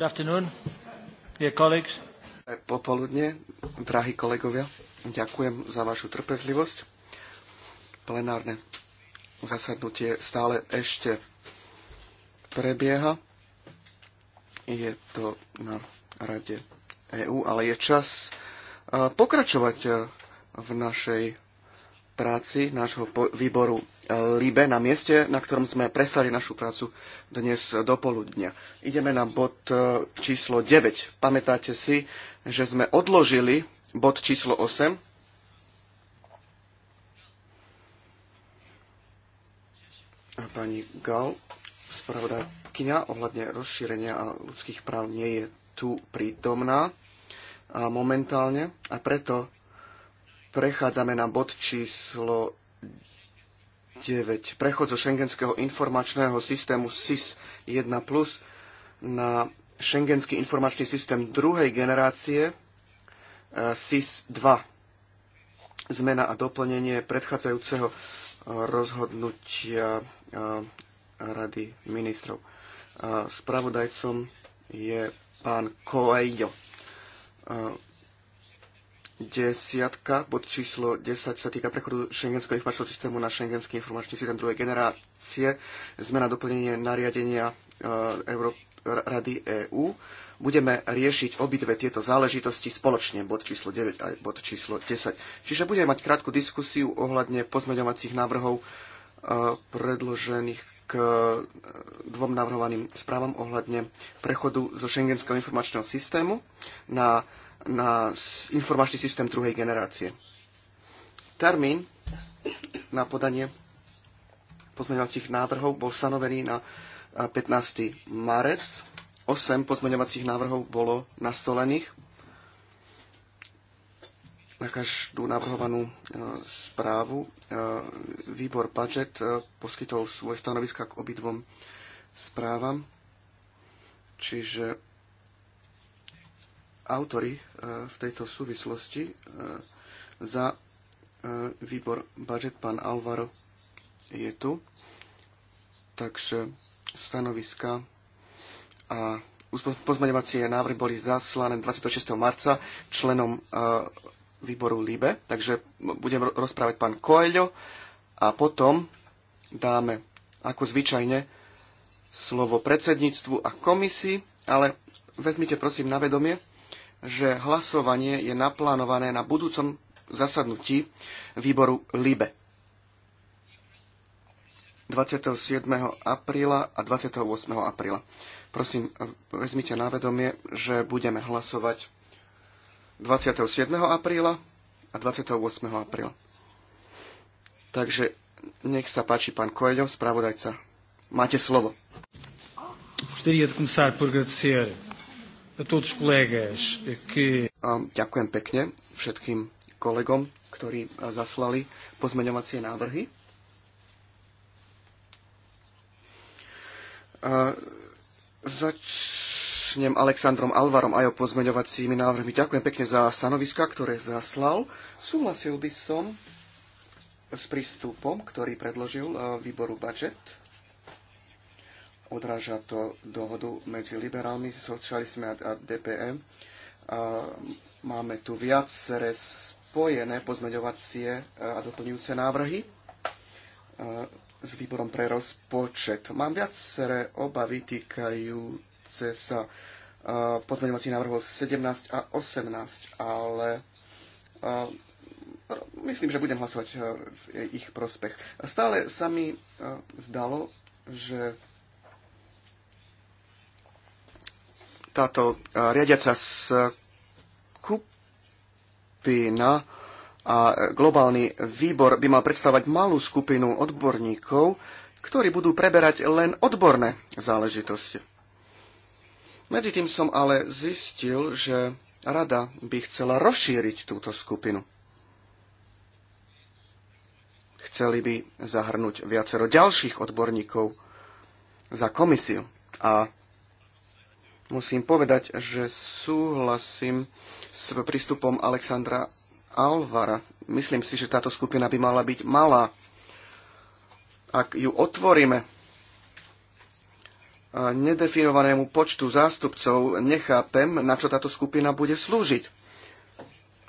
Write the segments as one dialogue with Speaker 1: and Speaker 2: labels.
Speaker 1: Good afternoon, dear colleagues. Popoludne, drahí kolegovia, ďakujem za vašu trpezlivosť. Plenárne zasadnutie stále ešte prebieha. Je to na Rade EÚ, ale je čas pokračovať v našej práci nášho výboru e, LIBE na mieste, na ktorom sme prestali našu prácu dnes do poludnia. Ideme na bod e, číslo 9. Pamätáte si, že sme odložili bod číslo 8, pani Gal, spravodajkyňa ohľadne rozšírenia a ľudských práv nie je tu prítomná momentálne a preto Prechádzame na bod číslo 9. Prechod zo šengenského informačného systému SIS 1 plus na šengenský informačný systém druhej generácie e, SIS 2. Zmena a doplnenie predchádzajúceho e, rozhodnutia e, Rady ministrov. Spravodajcom je pán Koejo Desiatka, bod číslo 10 sa týka prechodu šengenského informačného systému na šengenský informačný systém druhej generácie. Zmena doplnenie nariadenia eh, Euró- Rady EÚ. Budeme riešiť obidve tieto záležitosti spoločne, bod číslo 9 a bod číslo 10. Čiže budeme mať krátku diskusiu ohľadne pozmeňovacích návrhov eh, predložených k eh, dvom navrhovaným správam ohľadne prechodu zo šengenského informačného systému na na informačný systém druhej generácie. Termín na podanie pozmeňovacích návrhov bol stanovený na 15. Eh, marec. 8 pozmeňovacích návrhov bolo nastolených na každú navrhovanú eh, správu. Eh, výbor budget poskytol svoje stanoviska k obidvom správam, čiže autory e, v tejto súvislosti e, za e, výbor budget. Pán Alvaro je tu. Takže stanoviska a pozmeňovacie návrhy boli zaslané 26. marca členom výboru LIBE. Takže budem rozprávať pán Koeľo a potom dáme, ako zvyčajne, slovo predsedníctvu a komisii, ale vezmite prosím na vedomie, že hlasovanie je naplánované na budúcom zasadnutí výboru LIBE 27. apríla a 28. apríla. Prosím, vezmite na vedomie, že budeme hlasovať 27. apríla a 28. apríla. Takže nech sa páči, pán Koeľov, spravodajca. Máte slovo. Gostaria de começar a todos colegas que... Ďakujem pekne všetkým kolegom, ktorí zaslali pozmeňovacie návrhy. A začnem Alexandrom Alvarom aj o pozmeňovacími návrhmi. Ďakujem pekne za stanoviska, ktoré zaslal. Súhlasil by som s prístupom, ktorý predložil výboru budget Odráža to dohodu medzi liberálmi, socialistmi a DPM. Máme tu viaceré spojené pozmeňovacie e, a doplňujúce návrhy e, s výborom pre rozpočet. Mám viaceré obavy týkajúce sa e, pozmeňovacích návrhov 17 a 18, ale myslím, že budem hlasovať v ich prospech. Stále sa mi zdalo, že táto e, riadiaca skupina a globálny výbor by mal predstavať malú skupinu odborníkov, ktorí budú preberať len odborné záležitosti. Medzi tým som ale zistil, že rada by chcela rozšíriť túto skupinu. Chceli by zahrnúť viacero ďalších odborníkov za komisiu a musím povedať, že súhlasím s prístupom Alexandra Alvara. Myslím si, že táto skupina by mala byť malá. Ak ju otvoríme nedefinovanému počtu zástupcov, nechápem, na čo táto skupina bude slúžiť.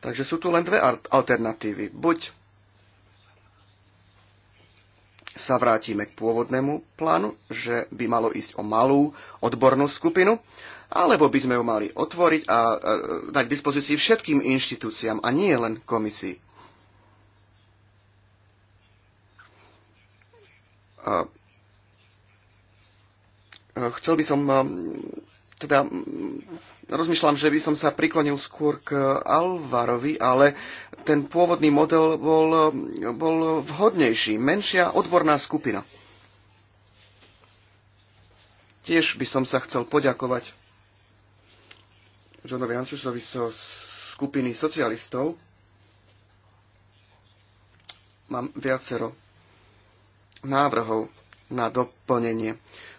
Speaker 1: Takže sú tu len dve alternatívy. Buď sa vrátime k pôvodnému plánu, že by malo ísť o malú odbornú skupinu, alebo by sme ju mali otvoriť a dať k dispozícii všetkým inštitúciám a nie len komisii. chcel by som teda mm, rozmýšľam, že by som sa priklonil skôr k Alvarovi, ale ten pôvodný model bol, bol vhodnejší. Menšia odborná skupina. Tiež by som sa chcel poďakovať Johnovi Hansusovi zo so skupiny socialistov. Mám viacero návrhov na doplnenie.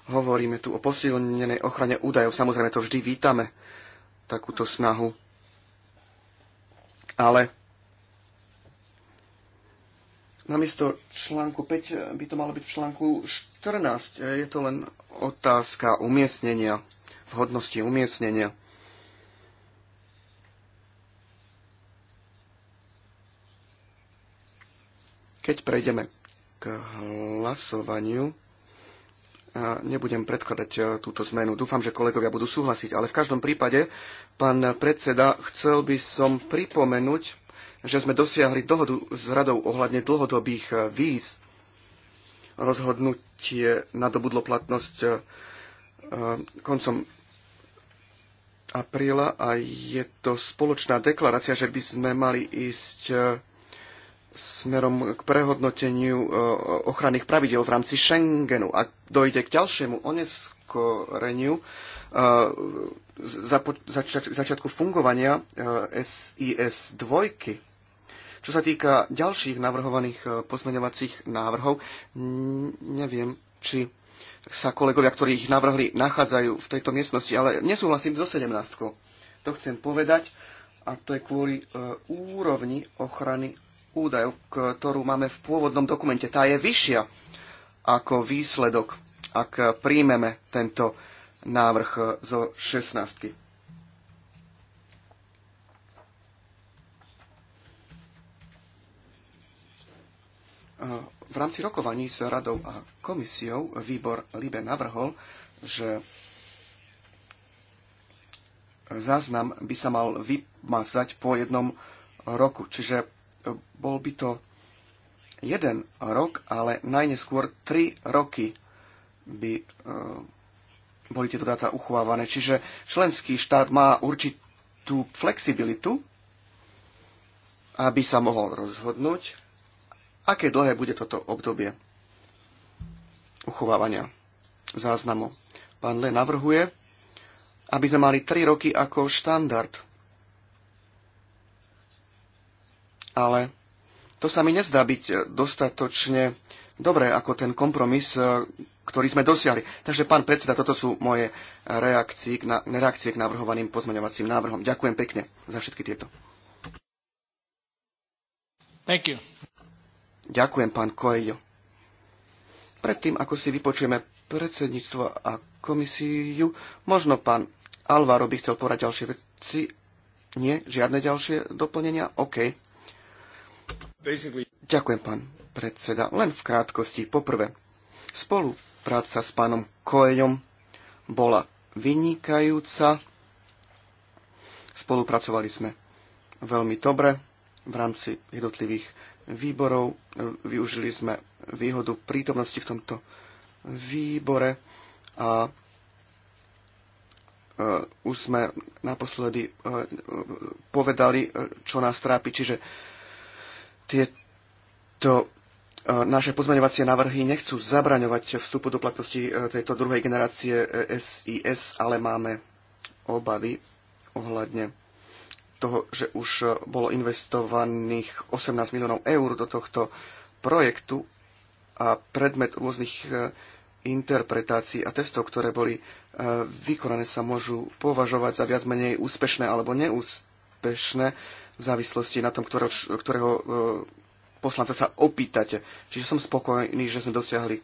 Speaker 1: Hovoríme tu o posilnenej ochrane údajov. Samozrejme, to vždy vítame, takúto snahu. Ale namiesto článku 5 eh, by to malo byť v článku 14. Eh, je to len otázka umiestnenia, vhodnosti umiestnenia. Keď prejdeme k hlasovaniu, nebudem predkladať e, túto zmenu. Dúfam, že kolegovia budú súhlasiť, ale v každom prípade, pán predseda, chcel by som pripomenúť, že sme dosiahli dohodu s radou ohľadne dlhodobých e, víz. Rozhodnutie nadobudlo platnosť e, koncom apríla a je to spoločná deklarácia, že by sme mali ísť smerom k prehodnoteniu e, ochranných pravidel v rámci Schengenu. Ak dojde k ďalšiemu oneskoreniu e, začiatku fungovania SIS e, 2, čo sa týka ďalších navrhovaných pozmeňovacích návrhov, neviem, či sa kolegovia, ktorí ich navrhli, nachádzajú v tejto miestnosti, ale nesúhlasím so 17. To chcem povedať a to je kvôli úrovni ochrany údajov, ktorú máme v pôvodnom dokumente. Tá je vyššia ako výsledok, ak príjmeme tento návrh zo 16. V rámci rokovaní s radou a komisiou výbor Libe navrhol, že záznam by sa mal vymazať po jednom roku. Čiže bol by to jeden rok, ale najneskôr tri roky by e, boli tieto dáta uchovávané. Čiže členský štát má určitú flexibilitu, aby sa mohol rozhodnúť, aké dlhé bude toto obdobie uchovávania záznamu. Pán Le navrhuje, aby sme mali 3 roky ako štandard ale to sa mi nezdá byť e, dostatočne dobré ako ten kompromis, e, ktorý sme dosiahli. Takže, pán predseda, toto sú moje reakcie k, na, reakcie k navrhovaným pozmeňovacím návrhom. Ďakujem pekne za všetky tieto. Thank you. Ďakujem, pán Coelho. Predtým, ako si vypočujeme predsedníctvo a komisiu, možno pán Alvaro by chcel porať ďalšie veci. Nie, žiadne ďalšie doplnenia? OK. Ďakujem, pán predseda. Len v krátkosti. Poprvé, spolupráca s pánom Koeňom bola vynikajúca. Spolupracovali sme veľmi dobre v rámci jednotlivých výborov. Využili sme výhodu prítomnosti v tomto výbore a e, už sme naposledy e, e, povedali, čo nás trápi. Čiže tieto e, naše pozmeňovacie návrhy nechcú zabraňovať vstupu do platnosti e, tejto druhej generácie SIS, e, ale máme obavy ohľadne toho, že už bolo investovaných 18 miliónov eur do tohto projektu a predmet rôznych interpretácií a testov, ktoré boli vykonané, sa môžu považovať za viac menej úspešné alebo neúspešné v závislosti na tom, ktorého, ktorého e, poslanca sa opýtate. Čiže som spokojný, že sme dosiahli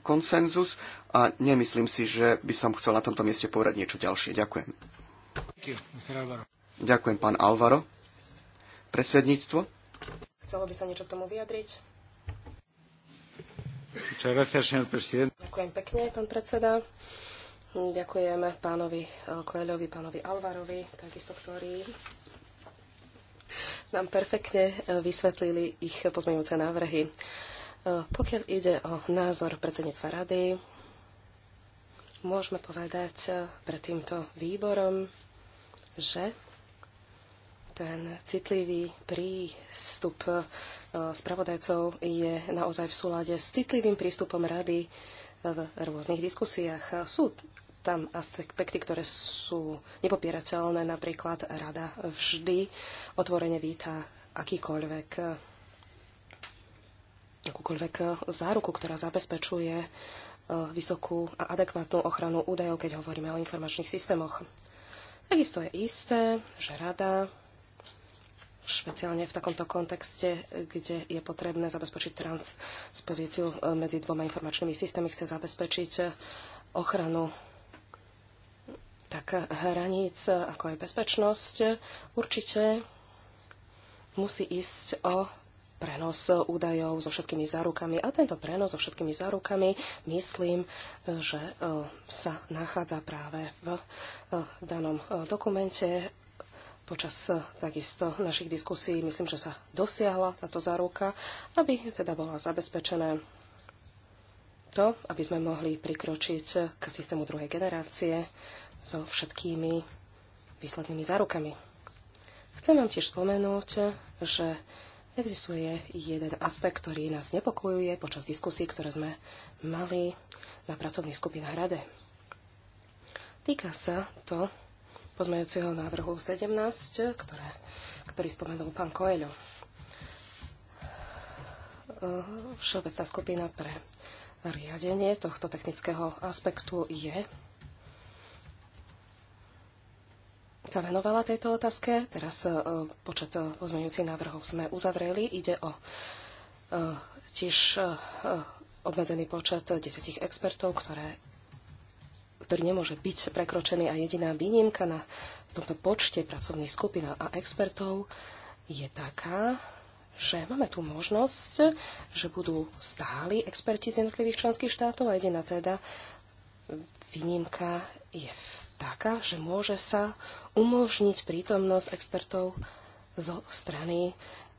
Speaker 1: konsenzus a nemyslím si, že by som chcel na tomto mieste povedať niečo ďalšie. Ďakujem. Ďakujem, pán Alvaro. Predsedníctvo?
Speaker 2: Chcelo by sa niečo k tomu vyjadriť?
Speaker 1: Ďakujem
Speaker 2: pekne, pán predseda. Ďakujeme pánovi e, Koeľovi, pánovi Alvarovi, takisto, ktorý nám perfektne e, vysvetlili ich pozmeňujúce návrhy. E, pokiaľ ide o názor predsedníctva rady, môžeme povedať e, pred týmto výborom, že ten citlivý prístup spravodajcov je naozaj v súlade s citlivým prístupom rady v rôznych diskusiách. Sú tam aspekty, ktoré sú nepopierateľné. Napríklad rada vždy otvorene víta akýkoľvek akúkoľvek záruku, ktorá zabezpečuje e, vysokú a adekvátnu ochranu údajov, keď hovoríme o informačných systémoch. Takisto je isté, že rada špeciálne v takomto kontexte, kde je potrebné zabezpečiť transpozíciu e, medzi dvoma informačnými systémy, chce zabezpečiť ochranu tak hraníc, ako aj bezpečnosť, určite musí ísť o prenos údajov so všetkými zárukami. A tento prenos so všetkými zárukami, myslím, že e, sa nachádza práve v e, danom e, dokumente. Počas takisto našich diskusí myslím, že sa dosiahla táto záruka, aby teda bola zabezpečené to, aby sme mohli prikročiť k systému druhej generácie, so všetkými výslednými zárukami. Chcem vám tiež spomenúť, že existuje jeden aspekt, ktorý nás nepokojuje počas diskusí, ktoré sme mali na pracovných skupinách Rade. Týka sa to pozmejúceho návrhu 17, ktoré, ktorý spomenul pán Koeľo. Všeobecná skupina pre riadenie tohto technického aspektu je sa venovala tejto otázke. Teraz e, počet e, pozmeňujúcich návrhov sme uzavreli. Ide o e, tiež obmedzený počet desetich expertov, ktoré, ktorý nemôže byť prekročený a jediná výnimka na tomto počte pracovných skupín a expertov je taká, že máme tu možnosť, že budú stáli experti z jednotlivých členských štátov a jediná teda výnimka je taká, že môže sa umožniť prítomnosť expertov zo strany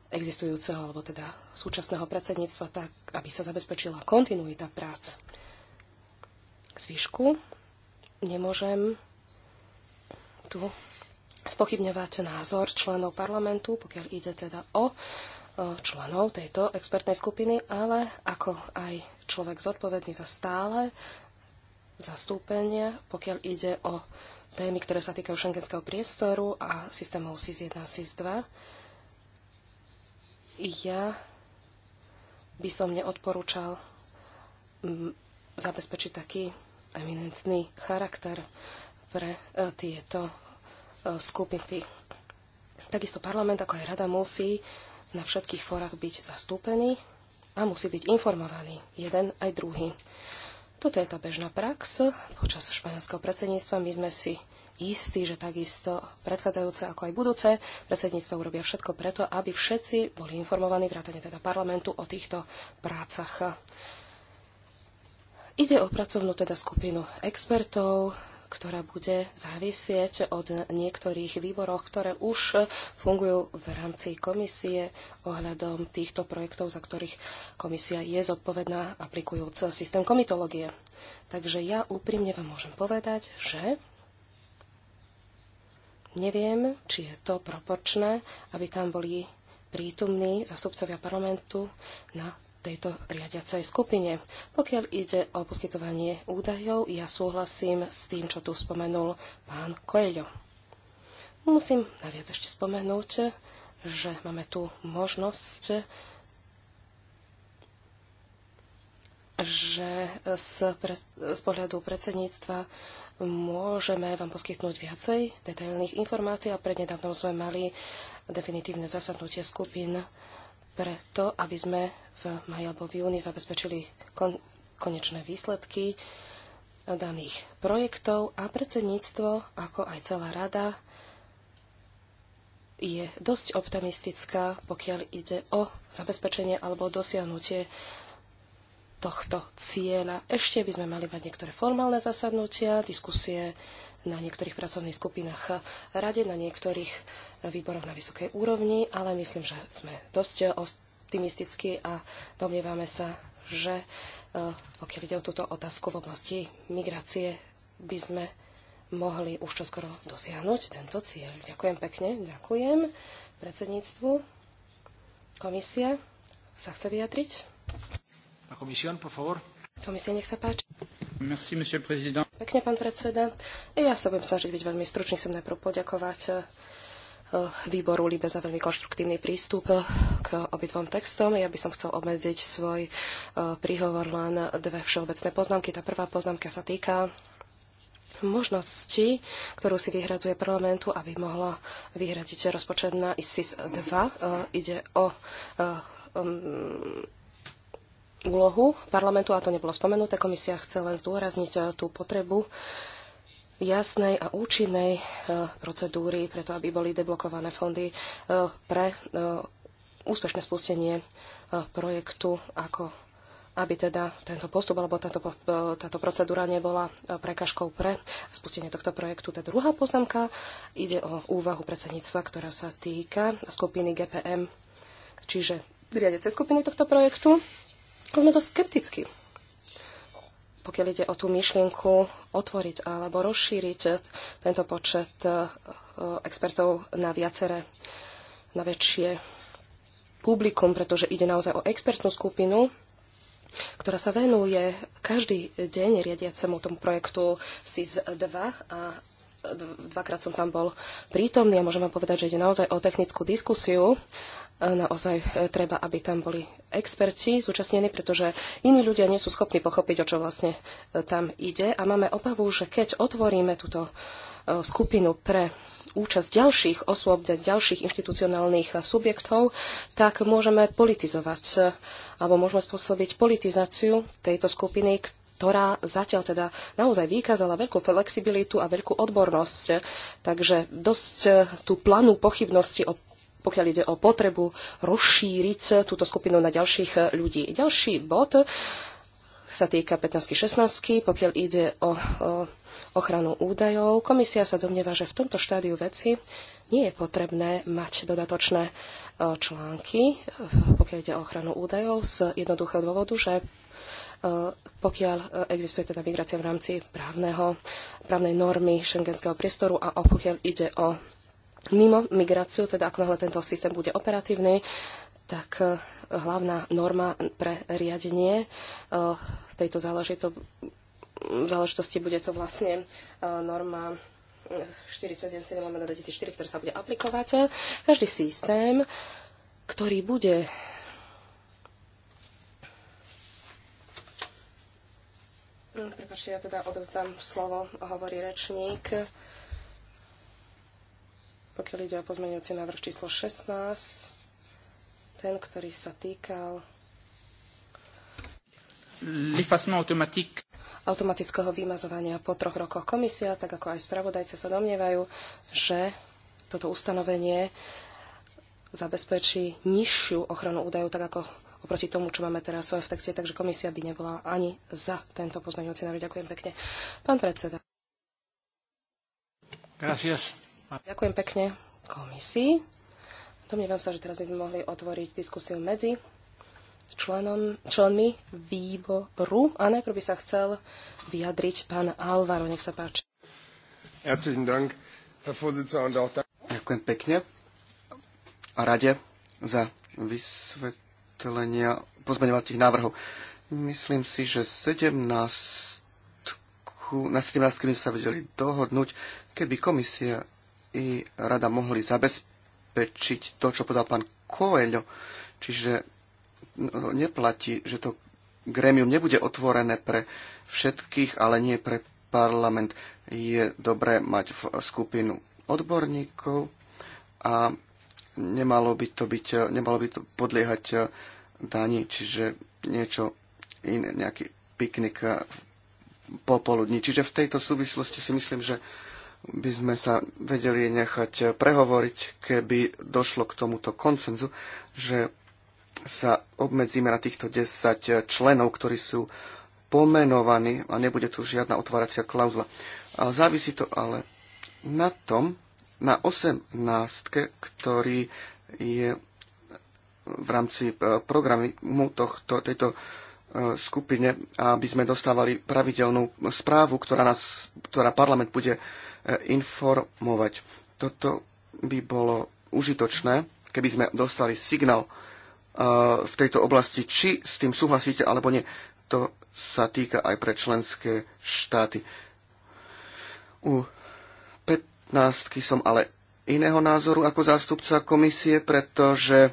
Speaker 2: existujúceho alebo teda súčasného predsedníctva tak, aby sa zabezpečila kontinuita prác. K zvyšku nemôžem tu spochybňovať názor členov parlamentu, pokiaľ ide teda o členov tejto expertnej skupiny, ale ako aj človek zodpovedný za stále zastúpenie, pokiaľ ide o témy, ktoré sa týkajú šengenského priestoru a systémov SIS-1 a SIS-2. Ja by som neodporúčal mm, zabezpečiť taký eminentný charakter pre e, tieto e, skupiny. Takisto parlament, ako aj rada, musí na všetkých forách byť zastúpený a musí byť informovaný jeden aj druhý. Toto je tá bežná prax. Počas španielského predsedníctva my sme si istí, že takisto predchádzajúce ako aj budúce predsedníctva urobia všetko preto, aby všetci boli informovaní, vrátane teda parlamentu, o týchto prácach. Ide o pracovnú teda skupinu expertov, ktorá bude závisieť od niektorých výborov, ktoré už fungujú v rámci komisie ohľadom týchto projektov, za ktorých komisia je zodpovedná aplikujúc systém komitológie. Takže ja úprimne vám môžem povedať, že neviem, či je to proporčné, aby tam boli prítomní zastupcovia parlamentu na tejto riadiacej skupine. Pokiaľ ide o poskytovanie údajov, ja súhlasím s tým, čo tu spomenul pán Koeľo. Musím naviac ešte spomenúť, že máme tu možnosť že z, pre, z pohľadu predsedníctva môžeme vám poskytnúť viacej detailných informácií a prednedávnom sme mali definitívne zasadnutie skupín pre to, aby sme v maji alebo v júni zabezpečili kon- konečné výsledky daných projektov a predsedníctvo, ako aj celá rada, je dosť optimistická, pokiaľ ide o zabezpečenie alebo dosiahnutie tohto cieľa. Ešte by sme mali mať niektoré formálne zasadnutia, diskusie na niektorých pracovných skupinách eh, rade, na niektorých eh, výboroch na vysokej úrovni, ale myslím, že sme dosť optimistickí a domnievame sa, že eh, pokiaľ ide o túto otázku v oblasti migrácie, by sme mohli už čoskoro dosiahnuť tento cieľ. Ďakujem pekne, ďakujem predsedníctvu. Komisia sa chce vyjadriť?
Speaker 3: La comisión, por favor.
Speaker 2: Komisie, nech sa páči.
Speaker 3: Merci,
Speaker 1: monsieur président.
Speaker 2: Pekne, pán predseda. Ja sa budem snažiť byť veľmi stručný, chcem najprv poďakovať eh, výboru Libe za veľmi konštruktívny prístup eh, k obidvom textom. Ja by som chcel obmedziť svoj eh, príhovor len dve všeobecné poznámky. Tá prvá poznámka sa týka možnosti, ktorú si vyhradzuje parlamentu, aby mohla vyhradiť rozpočet na ISIS 2. Ide o um, úlohu parlamentu, a to nebolo spomenuté, komisia chce len zdôrazniť eh, tú potrebu jasnej a účinnej eh, procedúry, preto aby boli deblokované fondy eh, pre úspešné spustenie projektu, ako aby teda tento postup alebo táto, táto procedúra nebola prekažkou pre spustenie tohto projektu. Tá druhá poznámka ide o úvahu predsedníctva, ktorá sa týka skupiny GPM, čiže riadece skupiny tohto projektu Možno dosť skepticky, pokiaľ ide o tú myšlienku otvoriť alebo rozšíriť tento počet e, expertov na viacere, na väčšie publikum, pretože ide naozaj o expertnú skupinu, ktorá sa venuje každý deň riadiacemu tomu projektu SIS-2 a dvakrát som tam bol prítomný a môžem vám povedať, že ide naozaj o technickú diskusiu. Naozaj e, treba, aby tam boli experti zúčastnení, pretože iní ľudia nie sú schopní pochopiť, o čo vlastne e, tam ide. A máme obavu, že keď otvoríme túto e, skupinu pre účasť ďalších osôb, ďalších inštitucionálnych subjektov, tak môžeme politizovať alebo môžeme spôsobiť politizáciu tejto skupiny, ktorá zatiaľ teda naozaj vykázala veľkú flexibilitu a veľkú odbornosť. Takže dosť eh, tú planú pochybnosti o pokiaľ ide o potrebu rozšíriť túto skupinu na ďalších eh, ľudí. Ďalší bod sa týka 15 16 pokiaľ ide o, o eh, ochranu údajov. Komisia sa domnieva, že v tomto štádiu veci nie je potrebné mať dodatočné články, pokiaľ ide o ochranu údajov, z jednoduchého dôvodu, že E, pokiaľ e, existuje teda migrácia v rámci právneho, právnej normy šengenského priestoru a pokiaľ ide o mimo migráciu, teda ako náhle tento systém bude operatívny, tak e, hlavná norma pre riadenie tejto záležito, záležitosti bude to vlastne norma 477 2004, ktorá sa bude aplikovať. Každý systém, ktorý bude Mm, prepačte, ja teda odovzdám slovo, hovorí rečník. Pokiaľ ide o pozmeňujúci návrh číslo 16, ten, ktorý sa týkal automatického vymazovania po troch rokoch komisia, tak ako aj spravodajce sa domnievajú, že toto ustanovenie zabezpečí nižšiu ochranu údajov, tak ako oproti tomu, čo máme teraz v texte, takže komisia by nebola ani za tento pozmeňujúci návrh. Ďakujem pekne. Pán predseda. Gracias. Ďakujem pekne komisii. Domnievam sa, že teraz by sme mohli otvoriť diskusiu medzi členom, členmi výboru. A najprv by sa chcel vyjadriť pán Alvaro. Nech sa páči.
Speaker 1: Ďakujem pekne a rade za vysvetlenie vysvetlenia pozmeňovacích návrhov. Myslím si, že 17, na 17 by sa vedeli dohodnúť, keby komisia i rada mohli zabezpečiť to, čo podal pán Coelho. Čiže no, neplatí, že to grémium nebude otvorené pre všetkých, ale nie pre parlament. Je dobré mať v skupinu odborníkov a nemalo by to, byť, nemalo by to podliehať eh, daní, čiže niečo iné, nejaký piknik eh, popoludní. Čiže v tejto súvislosti si myslím, že by sme sa vedeli nechať eh, prehovoriť, keby došlo k tomuto koncenzu, že sa obmedzíme na týchto 10 členov, ktorí sú pomenovaní a nebude tu žiadna otváracia klauzula. A závisí to ale na tom, na 18, ktorý je v rámci e, programu tohto, tejto e, skupine, aby sme dostávali pravidelnú správu, ktorá, nás, ktorá parlament bude e, informovať. Toto by bolo užitočné, keby sme dostali signál v tejto oblasti, či s tým súhlasíte alebo nie. To sa týka aj pre členské štáty. U som ale iného názoru ako zástupca komisie, pretože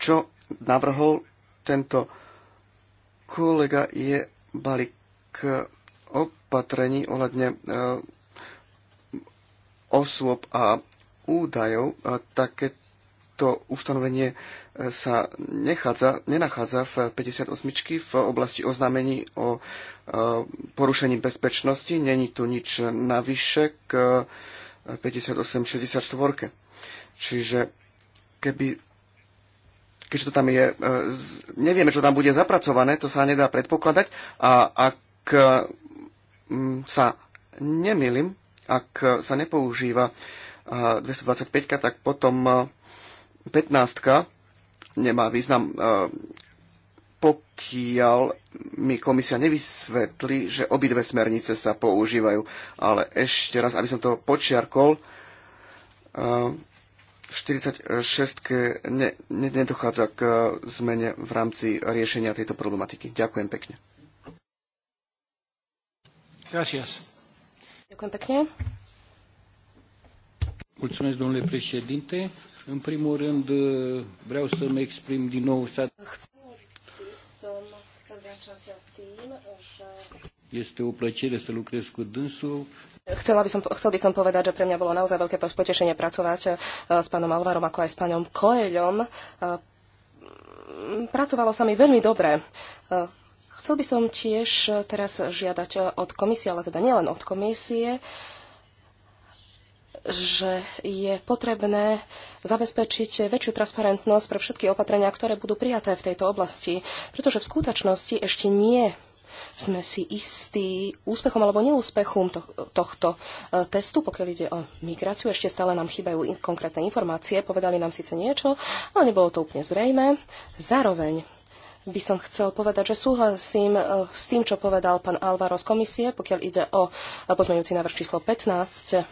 Speaker 1: čo navrhol tento kolega je balík eh, opatrení ohľadne eh, osôb a údajov. Takéto to ustanovenie e, sa nechádza, nenachádza v 58. v oblasti oznámení o e, porušení bezpečnosti. Není tu nič navyše k 58.64. E, Čiže keby keďže to tam je, nevieme, čo tam bude zapracované, to sa nedá predpokladať a ak sa nemýlim, ak sa nepoužíva 225, tak potom 15 nemá význam, e, pokiaľ mi komisia nevysvetlí, že obidve smernice sa používajú. Ale ešte raz, aby som to počiarkol, v e, 46 nedochádza k e, zmene v rámci riešenia tejto problematiky. Ďakujem pekne.
Speaker 3: Gracias. Ďakujem pekne. Mulțumesc, domnule președinte. În primul rând, uh, vreau să-mi exprim din
Speaker 2: nou... Este o plăcere să lucrez cu dânsul. Chcela by som, chcel by som povedať, že pre mňa bolo naozaj veľké potešenie pracovať uh, s pánom Alvarom, ako aj s pánom Koeľom. Uh, pracovalo sa mi veľmi dobre. Chcel by som tiež teraz žiadať od komisie, ale teda nielen od komisie, že je potrebné zabezpečiť väčšiu transparentnosť pre všetky opatrenia, ktoré budú prijaté v tejto oblasti, pretože v skutočnosti ešte nie sme si istí úspechom alebo neúspechom tohto e, testu, pokiaľ ide o migráciu. Ešte stále nám chýbajú konkrétne informácie, povedali nám síce niečo, ale nebolo to úplne zrejme. Zároveň by som chcel povedať, že súhlasím e, s tým, čo povedal pán Alvaro z komisie, pokiaľ ide o e, pozmeňujúci návrh číslo 15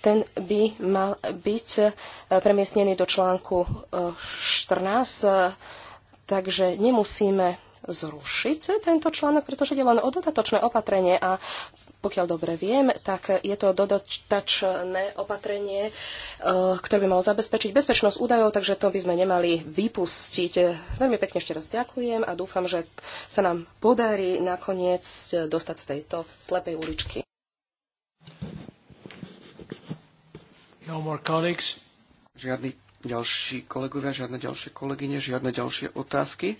Speaker 2: ten by mal byť eh, premiestnený do článku 14, eh, eh, takže nemusíme zrušiť tento článok, pretože je len o dodatočné opatrenie a pokiaľ dobre viem, tak je to dodatočné opatrenie, ktoré by malo zabezpečiť bezpečnosť údajov, takže to by sme nemali vypustiť. Veľmi pekne ešte raz ďakujem a dúfam, že sa nám podarí nakoniec dostať z tejto slepej uličky.
Speaker 1: No more colleagues. Žiadny ďalší kolegovia, žiadne ďalšie kolegyne, žiadne ďalšie otázky.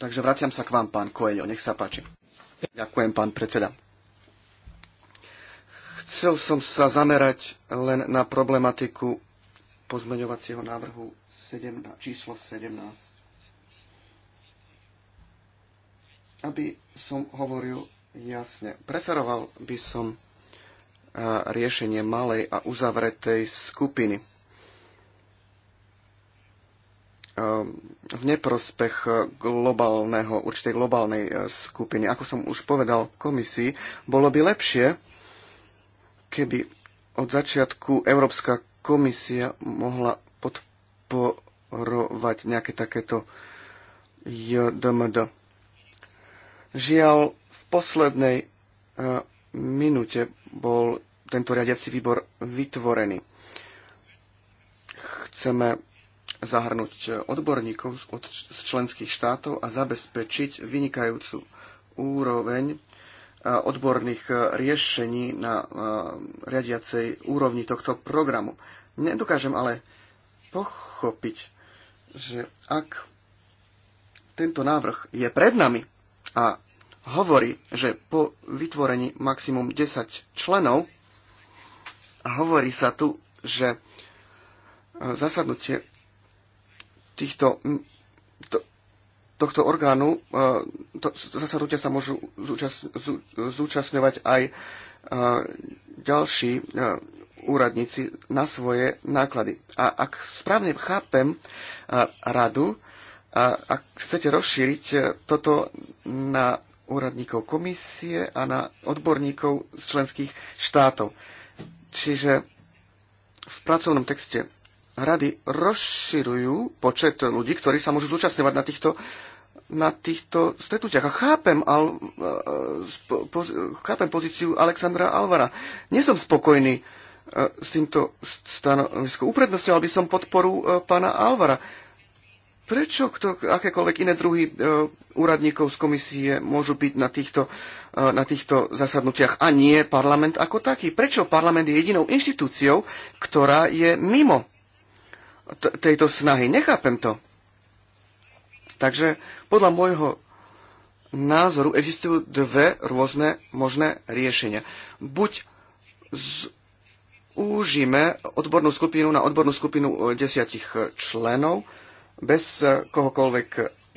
Speaker 1: Takže vraciam sa k vám, pán Koelio, nech sa páči. Ďakujem, pán predseda. Chcel som sa zamerať len na problematiku pozmeňovacieho návrhu 17, číslo 17. Aby som hovoril jasne, preferoval by som riešenie malej a uzavretej skupiny ehm, v neprospech globálneho, určitej globálnej e, skupiny. Ako som už povedal komisii, bolo by lepšie, keby od začiatku Európska komisia mohla podporovať nejaké takéto JDMD. Žiaľ, v poslednej e, minúte bol tento riadiaci výbor vytvorený. Chceme zahrnúť odborníkov od, z členských štátov a zabezpečiť vynikajúcu úroveň e, odborných e, riešení na e, riadiacej úrovni tohto programu. Nedokážem ale pochopiť, že ak tento návrh je pred nami a hovorí, že po vytvorení maximum 10 členov, hovorí sa tu, že e, zasadnutie týchto, to, tohto orgánu, e, to, zasadnutia sa môžu zúčast, zú, zúčastňovať aj e, ďalší úradníci na svoje náklady. A ak správne chápem radu, a ak chcete rozšíriť toto na úradníkov komisie a na odborníkov z členských štátov. Čiže v pracovnom texte rady rozširujú počet ľudí, ktorí sa môžu zúčastňovať na týchto, na týchto stretnutiach. A chápem, al, e, po, chápem pozíciu Alexandra Alvara. Nesom spokojný e, s týmto stanoviskom. Uprednostňoval by som podporu e, pána Alvara. Prečo kto, akékoľvek iné druhy e, úradníkov z komisie môžu byť na týchto, e, na týchto zasadnutiach a nie parlament ako taký? Prečo parlament je jedinou inštitúciou, ktorá je mimo tejto snahy? Nechápem to. Takže podľa môjho názoru existujú dve rôzne možné riešenia. Buď Užíme odbornú skupinu na odbornú skupinu e, desiatich členov, bez eh, kohokoľvek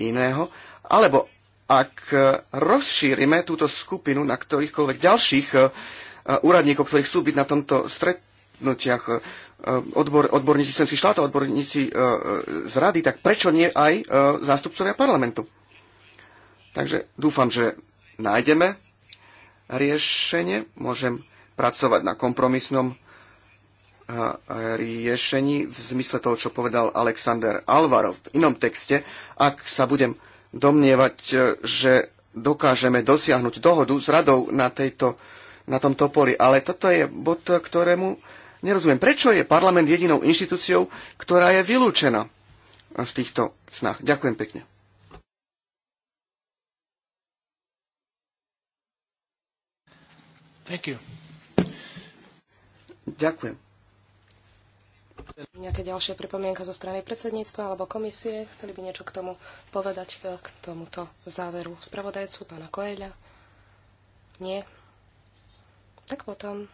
Speaker 1: iného, alebo ak eh, rozšírime túto skupinu na ktorýchkoľvek ďalších eh, úradníkov, ktorých chcú byť na tomto stretnutiach odbor, odborníci členských štátov, odborníci z rady, tak prečo nie aj zástupcovia parlamentu? Takže dúfam, že nájdeme riešenie. Môžem pracovať na kompromisnom riešení v zmysle toho, čo povedal Alexander Alvarov v inom texte, ak sa budem domnievať, e, že dokážeme dosiahnuť dohodu s radou na, tejto, na tomto poli. Ale toto je bod, ktorému nerozumiem. Prečo je parlament jedinou inštitúciou, ktorá je vylúčená z týchto snách? Ďakujem pekne. Thank you. Ďakujem.
Speaker 2: Nejaká ďalšia pripomienka zo strany predsedníctva alebo komisie? Chceli by niečo k tomu povedať, k tomuto záveru spravodajcu, pána Koeľa? Nie? Tak potom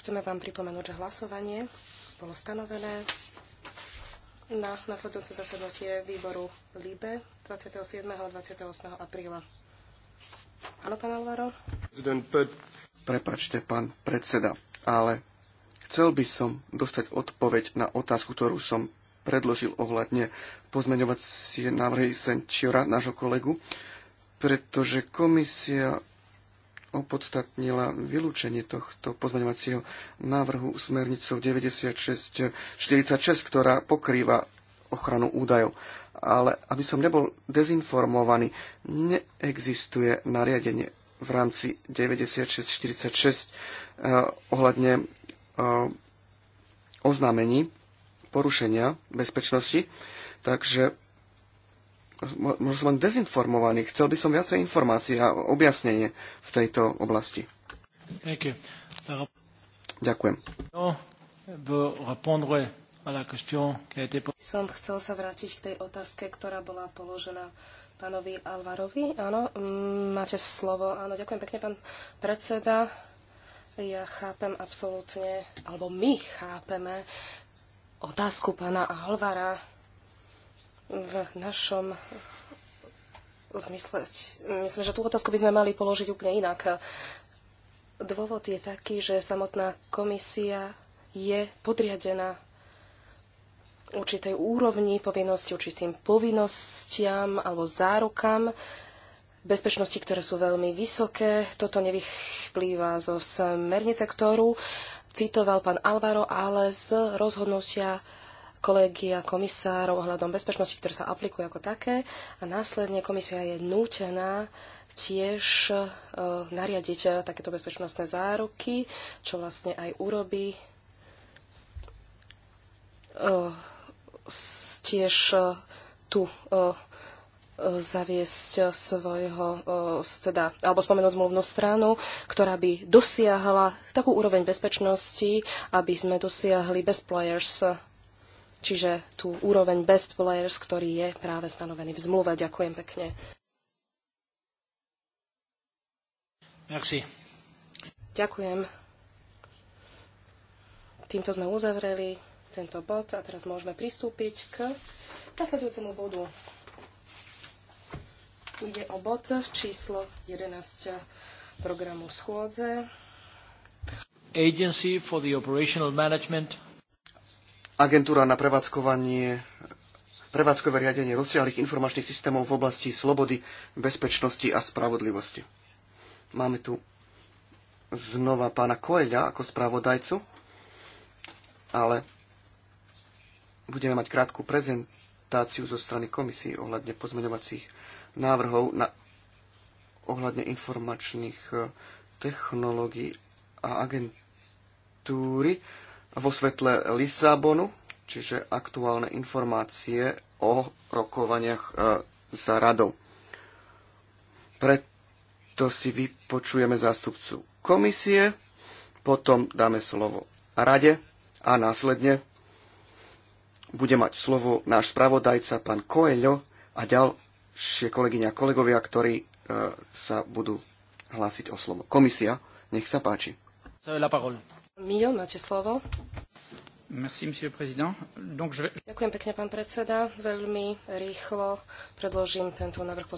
Speaker 2: chceme vám pripomenúť, že hlasovanie bolo stanovené na nasledujúce zasadnutie výboru LIBE 27. a 28. apríla. Áno, pán Alvaro?
Speaker 1: Prepačte, pán predseda, ale Chcel by som dostať odpoveď na otázku, ktorú som predložil ohľadne pozmeňovacie návrhy Senčiora, nášho kolegu, pretože komisia opodstatnila vylúčenie tohto pozmeňovacieho návrhu smernicou 9646, ktorá pokrýva ochranu údajov. Ale aby som nebol dezinformovaný, neexistuje nariadenie v rámci 9646 eh, ohľadne oznámení porušenia bezpečnosti, takže možno som len dezinformovaný. Chcel by som viacej informácií a objasnenie v tejto oblasti. Ďakujem.
Speaker 2: No, som chcel sa vrátiť k tej otázke, ktorá bola položená pánovi Alvarovi. Áno, mm, máte slovo. Áno, ďakujem pekne, pán predseda. Ja chápem absolútne, alebo my chápeme otázku pána Alvara v našom zmysle. Myslím, že tú otázku by sme mali položiť úplne inak. Dôvod je taký, že samotná komisia je podriadená určitej úrovni povinnosti, určitým povinnostiam alebo zárukam, bezpečnosti, ktoré sú veľmi vysoké. Toto nevyplýva zo smernice, ktorú citoval pán Alvaro, ale z rozhodnutia kolegia komisárov ohľadom bezpečnosti, ktoré sa aplikujú ako také. A následne komisia je nútená tiež e, nariadiť e, takéto bezpečnostné záruky, čo vlastne aj urobí. E, tiež e, tu e, zaviesť svojho, teda, alebo spomenúť zmluvnú stranu, ktorá by dosiahla takú úroveň bezpečnosti, aby sme dosiahli best players, čiže tú úroveň best players, ktorý je práve stanovený v zmluve. Ďakujem pekne. Merci. Ďakujem. Týmto sme uzavreli tento bod a teraz môžeme pristúpiť k nasledujúcemu bodu. Ide o bod číslo 11 programu schôdze.
Speaker 1: Agency for the Operational Management. Agentúra na prevádzkovanie prevádzkové riadenie rozsiahlých informačných systémov v oblasti slobody, bezpečnosti a spravodlivosti. Máme tu znova pána Koeľa ako spravodajcu, ale budeme mať krátku prezentáciu zo strany komisie ohľadne pozmeňovacích návrhov na ohľadne informačných eh, technológií a agentúry vo svetle Lisabonu, čiže aktuálne informácie o rokovaniach eh, za radou. Preto si vypočujeme zástupcu komisie, potom dáme slovo rade a následne bude mať slovo náš spravodajca pán Koelho a ďal, ďalšie kolegyňa a kolegovia, ktorí e, sa budú hlásiť o slovo. Komisia, nech sa páči.
Speaker 2: Mio, máte slovo.
Speaker 3: Merci, Donc, je...
Speaker 2: Ďakujem pekne, pán predseda. Veľmi rýchlo predložím tento návrh e,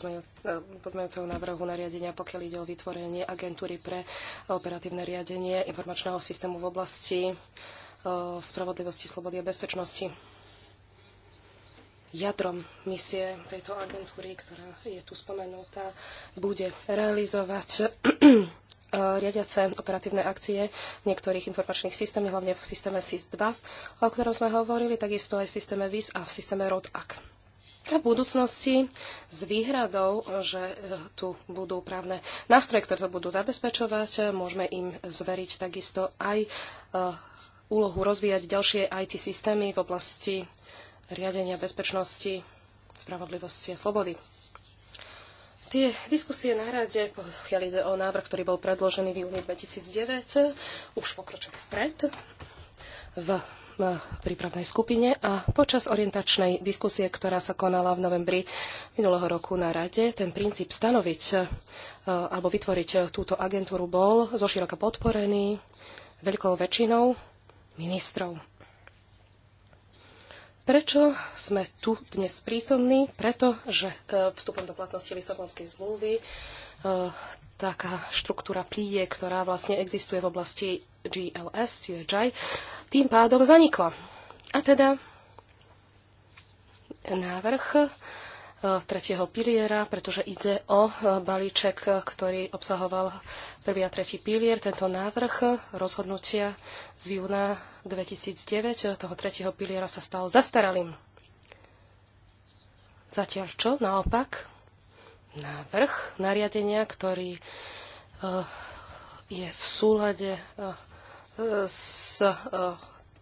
Speaker 2: pozmeňujúceho návrhu nariadenia, pokiaľ ide o vytvorenie agentúry pre operatívne riadenie informačného systému v oblasti e, spravodlivosti, slobody a bezpečnosti jadrom misie tejto agentúry, ktorá je tu spomenutá, bude realizovať eh, riadiace operatívne akcie v niektorých informačných systémoch, hlavne v systéme SIS-2, o ktorom sme hovorili, takisto aj v systéme VIS a v systéme RODAC. A v budúcnosti s výhradou, že eh, tu budú právne nástroje, ktoré to budú zabezpečovať, eh, môžeme im zveriť takisto aj úlohu rozvíjať ďalšie IT systémy v oblasti riadenia bezpečnosti, spravodlivosti a slobody. Tie diskusie na rade, pokiaľ ide o návrh, ktorý bol predložený v júni 2009, už pokročili vpred v prípravnej skupine a počas orientačnej diskusie, ktorá sa konala v novembri minulého roku na Rade, ten princíp stanoviť e, alebo vytvoriť túto agentúru bol zoširoka podporený veľkou väčšinou ministrov. Prečo sme tu dnes prítomní? Preto, že vstupom do platnosti Lisabonskej zmluvy e, taká štruktúra plíje, ktorá vlastne existuje v oblasti GLS, GHI, tým pádom zanikla. A teda návrh e, tretieho piliera, pretože ide o e, balíček, ktorý obsahoval prvý a tretí pilier. Tento návrh rozhodnutia z júna 2009 toho tretieho piliera sa stal zastaralým. Zatiaľ čo? Naopak, návrh nariadenia, ktorý eh, je v súlade eh, s eh,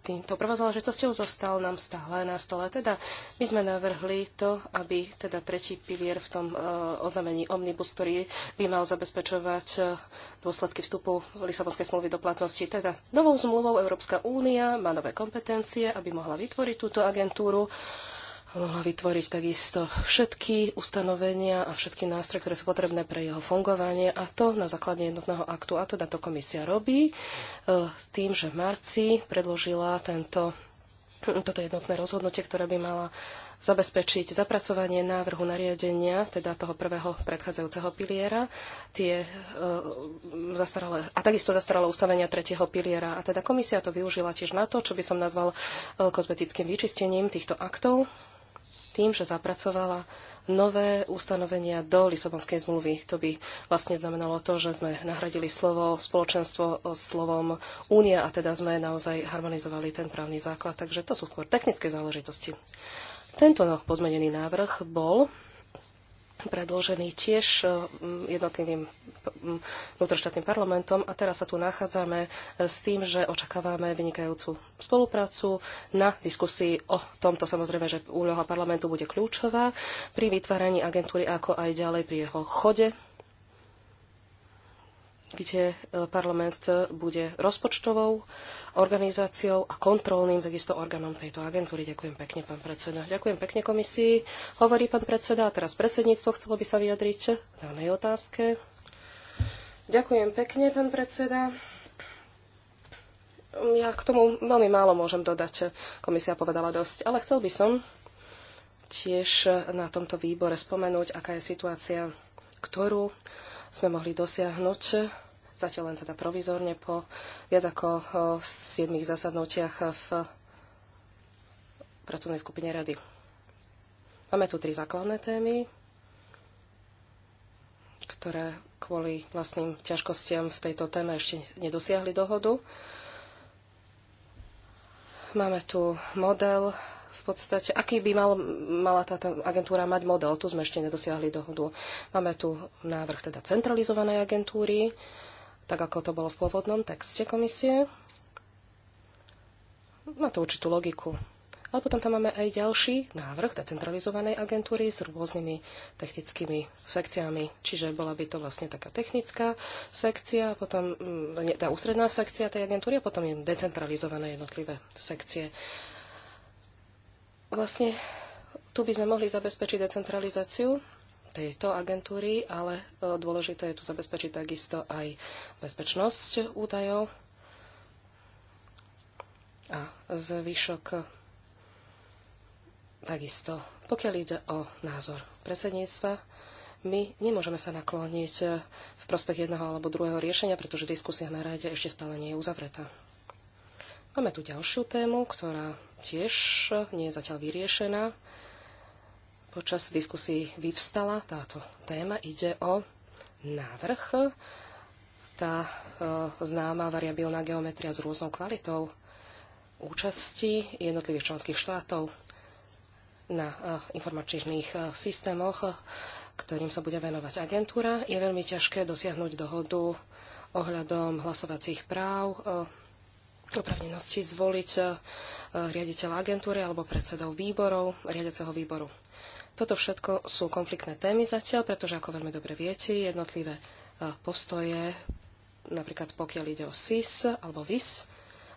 Speaker 2: týmto prvou záležitosťou zostal nám stále na stole. Teda my sme navrhli to, aby teda tretí pilier v tom e, oznamení Omnibus, ktorý by mal zabezpečovať e, dôsledky vstupu Lisabonskej smluvy do platnosti. Teda novou zmluvou Európska únia má nové kompetencie, aby mohla vytvoriť túto agentúru mohla vytvoriť takisto všetky ustanovenia a všetky nástroje, ktoré sú potrebné pre jeho fungovanie a to na základe jednotného aktu. A to táto komisia robí e, tým, že v marci predložila tento, toto jednotné rozhodnutie, ktoré by mala zabezpečiť zapracovanie návrhu nariadenia, teda toho prvého predchádzajúceho piliera, tie, e, zastaralé, a takisto zastaralé ustavenia tretieho piliera. A teda komisia to využila tiež na to, čo by som nazval e, kozmetickým vyčistením týchto aktov tým, že zapracovala nové ustanovenia do Lisabonskej zmluvy. To by vlastne znamenalo to, že sme nahradili slovo spoločenstvo slovom únia a teda sme naozaj harmonizovali ten právny základ. Takže to sú skôr technické záležitosti. Tento pozmenený návrh bol predložený tiež e, jednotlivým vnútroštátnym parlamentom a teraz sa tu nachádzame e, s tým, že očakávame vynikajúcu spoluprácu na diskusii o tomto. Samozrejme, že úloha parlamentu bude kľúčová pri vytváraní agentúry, ako aj ďalej pri jeho chode kde e, parlament e, bude rozpočtovou organizáciou a kontrolným takisto orgánom tejto agentúry. Ďakujem pekne, pán predseda. Ďakujem pekne komisii. Hovorí pán predseda a teraz predsedníctvo chcelo by sa vyjadriť v danej otázke. Ďakujem pekne, pán predseda. Ja k tomu veľmi málo môžem dodať. Komisia povedala dosť, ale chcel by som tiež na tomto výbore spomenúť, aká je situácia, ktorú sme mohli dosiahnuť zatiaľ len teda provizorne po viac ako eh, siedmých zasadnutiach v pracovnej skupine rady. Máme tu tri základné témy, ktoré kvôli vlastným ťažkostiam v tejto téme ešte nedosiahli dohodu. Máme tu model v podstate, aký by mal, mala táto agentúra mať model, tu sme ešte nedosiahli dohodu. Máme tu návrh teda centralizovanej agentúry, tak ako to bolo v pôvodnom texte komisie. Má to určitú logiku. Ale potom tam máme aj ďalší návrh decentralizovanej agentúry s rôznymi technickými sekciami. Čiže bola by to vlastne taká technická sekcia, potom mm, tá ústredná sekcia tej agentúry a potom je decentralizované jednotlivé sekcie. Vlastne tu by sme mohli zabezpečiť decentralizáciu tejto agentúry, ale e, dôležité je tu zabezpečiť takisto aj bezpečnosť údajov a zvyšok takisto. Pokiaľ ide o názor predsedníctva, my nemôžeme sa nakloniť e, v prospech jedného alebo druhého riešenia, pretože diskusia na rade ešte stále nie je uzavretá. Máme tu ďalšiu tému, ktorá tiež e, nie je zatiaľ vyriešená počas diskusí vyvstala táto téma. Ide o návrh, tá e, známa variabilná geometria s rôznou kvalitou účasti jednotlivých členských štátov na e, informačných e, systémoch, ktorým sa bude venovať agentúra. Je veľmi ťažké dosiahnuť dohodu ohľadom hlasovacích práv, opravnenosti zvoliť riaditeľa agentúry alebo predsedov výborov, riadiaceho výboru. Toto všetko sú konfliktné témy zatiaľ, pretože ako veľmi dobre viete, jednotlivé e, postoje, napríklad pokiaľ ide o SIS alebo VIS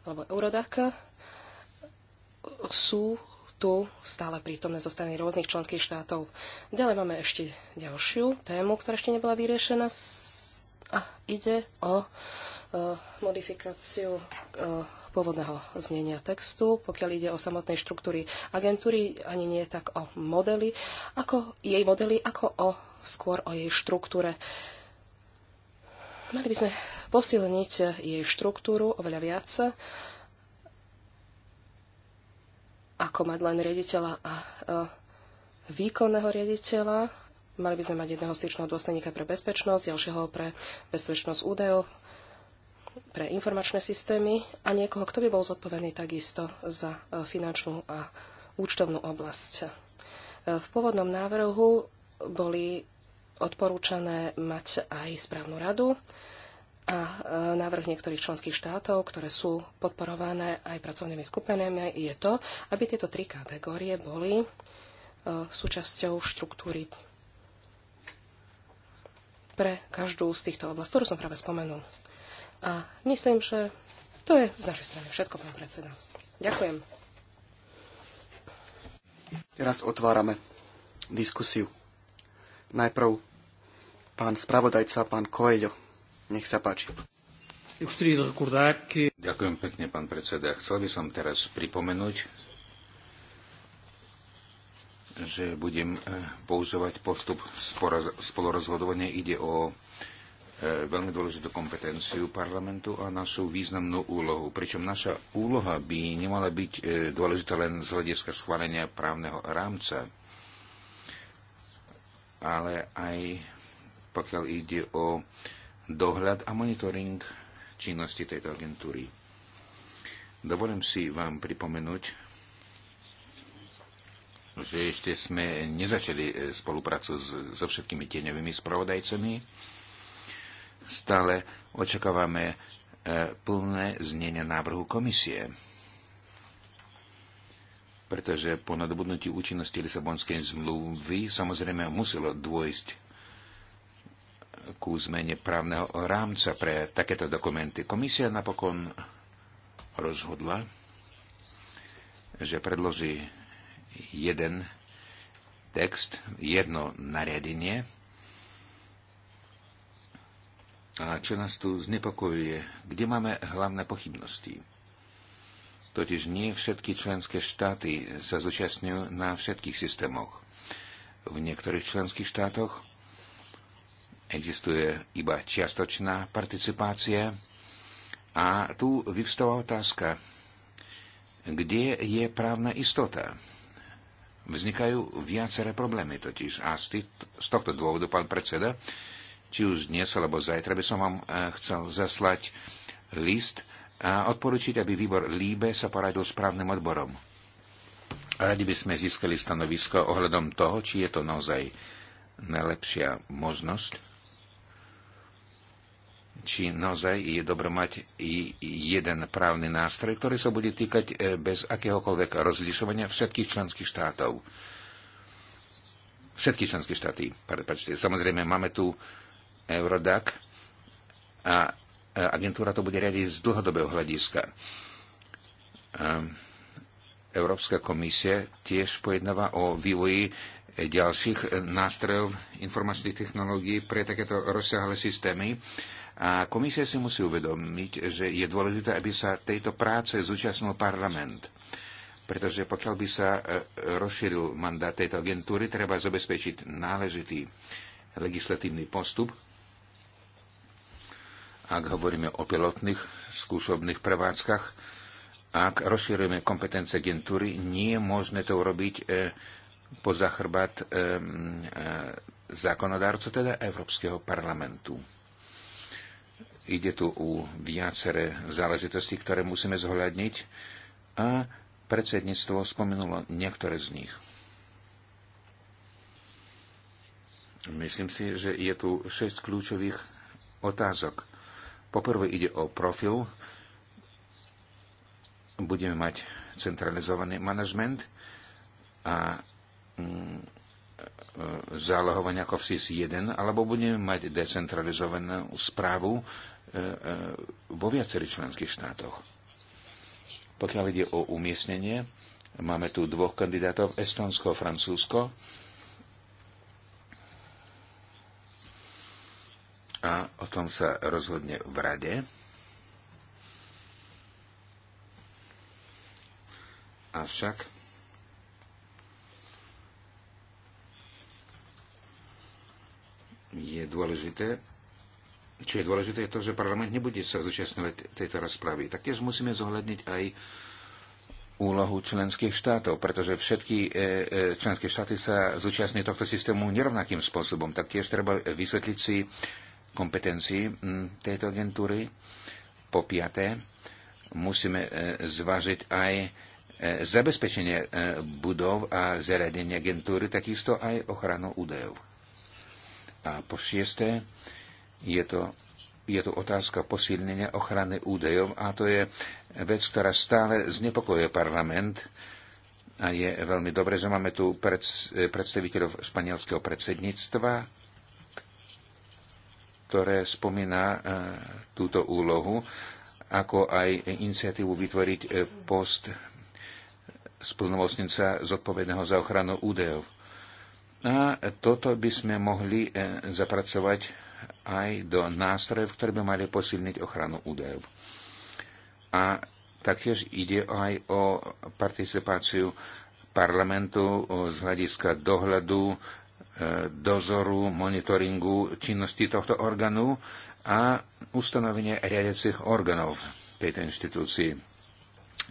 Speaker 2: alebo Eurodac, sú tu stále prítomné zo strany rôznych členských štátov. Ďalej máme ešte ďalšiu tému, ktorá ešte nebola vyriešená a ide o e, modifikáciu e, pôvodného znenia textu, pokiaľ ide o samotnej štruktúry agentúry, ani nie tak o modely, ako jej modely, ako o skôr o jej štruktúre. Mali by sme posilniť jej štruktúru oveľa viac, ako mať len riaditeľa a e, výkonného riaditeľa. Mali by sme mať jedného styčného dôstojníka pre bezpečnosť, ďalšieho pre bezpečnosť údajov, pre informačné systémy a niekoho, kto by bol zodpovedný takisto za e, finančnú a účtovnú oblasť. E, v pôvodnom návrhu boli odporúčané mať aj správnu radu a e, návrh niektorých členských štátov, ktoré sú podporované aj pracovnými skupinami, je to, aby tieto tri kategórie boli súčasťou štruktúry pre každú z týchto oblastí, ktorú som práve spomenul. A myslím, že to je z našej strany všetko, pán predseda. Ďakujem.
Speaker 1: Teraz otvárame diskusiu. Najprv pán spravodajca, pán Koeľo. Nech sa páči.
Speaker 3: Ďakujem pekne, pán predseda. Chcel by som teraz pripomenúť, že budem eh, pouzovať postup spolorozhodovania. Ide o E, veľmi dôležitú kompetenciu parlamentu a našu významnú úlohu. Pričom naša úloha by nemala byť e, dôležitá len z hľadiska schválenia právneho rámca, ale aj pokiaľ ide o dohľad a monitoring činnosti tejto agentúry. Dovolím si vám pripomenúť, že ešte sme nezačali e, spoluprácu so všetkými tieňovými spravodajcami stále očakávame e, plné znenie návrhu komisie. Pretože po nadobudnutí účinnosti Lisabonskej zmluvy samozrejme muselo dôjsť ku zmene právneho rámca pre takéto dokumenty. Komisia napokon rozhodla, že predloží jeden text, jedno nariadenie, a čo nás tu znepokojuje, kde máme hlavné pochybnosti. Totiž nie všetky členské štáty sa zúčastňujú na všetkých systémoch. V niektorých členských štátoch existuje iba čiastočná participácia a tu vyvstáva otázka, kde je právna istota. Vznikajú viaceré problémy totiž a z, z tohto dôvodu, pán predseda, či už dnes alebo zajtra by som vám eh, chcel zaslať list a odporučiť, aby výbor Líbe sa poradil s právnym odborom. Radi by sme získali stanovisko ohľadom toho, či je to naozaj najlepšia možnosť, či naozaj je dobro mať i jeden právny nástroj, ktorý sa bude týkať eh, bez akéhokoľvek rozlišovania všetkých členských štátov. Všetky členské štáty, prepačte. Samozrejme, máme tu Eurodac a e, agentúra to bude riadiť z dlhodobého hľadiska. E, Európska komisia tiež pojednáva o vývoji ďalších nástrojov informačných technológií pre takéto rozsiahle systémy. A komisia si musí uvedomiť, že je dôležité, aby sa tejto práce zúčastnil parlament. Pretože pokiaľ by sa e, rozšíril mandát tejto agentúry, treba zabezpečiť náležitý legislatívny postup, ak hovoríme o pilotných skúsobných prevádzkach, ak rozširujeme kompetencie agentúry, nie je možné to urobiť e, po zachrbat e, e, zákonodárcu, teda Európskeho parlamentu. Ide tu u viaceré záležitosti, ktoré musíme zohľadniť a predsedníctvo spomenulo niektoré z nich. Myslím si, že je tu šesť kľúčových otázok. Poprvé ide o profil. Budeme mať centralizovaný manažment a mm, e, zálohovanie ako v SIS-1, alebo budeme mať decentralizovanú správu e, e, vo viacerých členských štátoch. Pokiaľ ide o umiestnenie, máme tu dvoch kandidátov, Estonsko a Francúzsko. a o tom sa rozhodne v rade. Avšak je dôležité, čo je dôležité, je to, že parlament nebude sa zúčastňovať tejto rozpravy. Taktiež musíme zohľadniť aj úlohu členských štátov, pretože všetky e, e, členské štáty sa zúčastňujú tohto systému nerovnakým spôsobom. Taktiež treba vysvetliť si kompetencií mm, tejto agentúry. Po piaté, musíme e, zvážiť aj e, zabezpečenie e, budov a zariadenie agentúry, takisto aj ochranu údajov. A po šiesté, je to, je to otázka posilnenia ochrany údajov a to je vec, ktorá stále znepokojuje parlament a je veľmi dobre, že máme tu predstaviteľov španielského predsedníctva, ktoré spomína e, túto úlohu, ako aj iniciatívu vytvoriť e, post splnomocnica zodpovedného za ochranu údajov. A toto by sme mohli e, zapracovať aj do nástrojov, ktoré by mali posilniť ochranu údajov. A taktiež ide aj o participáciu parlamentu z hľadiska dohľadu dozoru, monitoringu činnosti tohto orgánu a ustanovenie riadiacich orgánov tejto inštitúcii.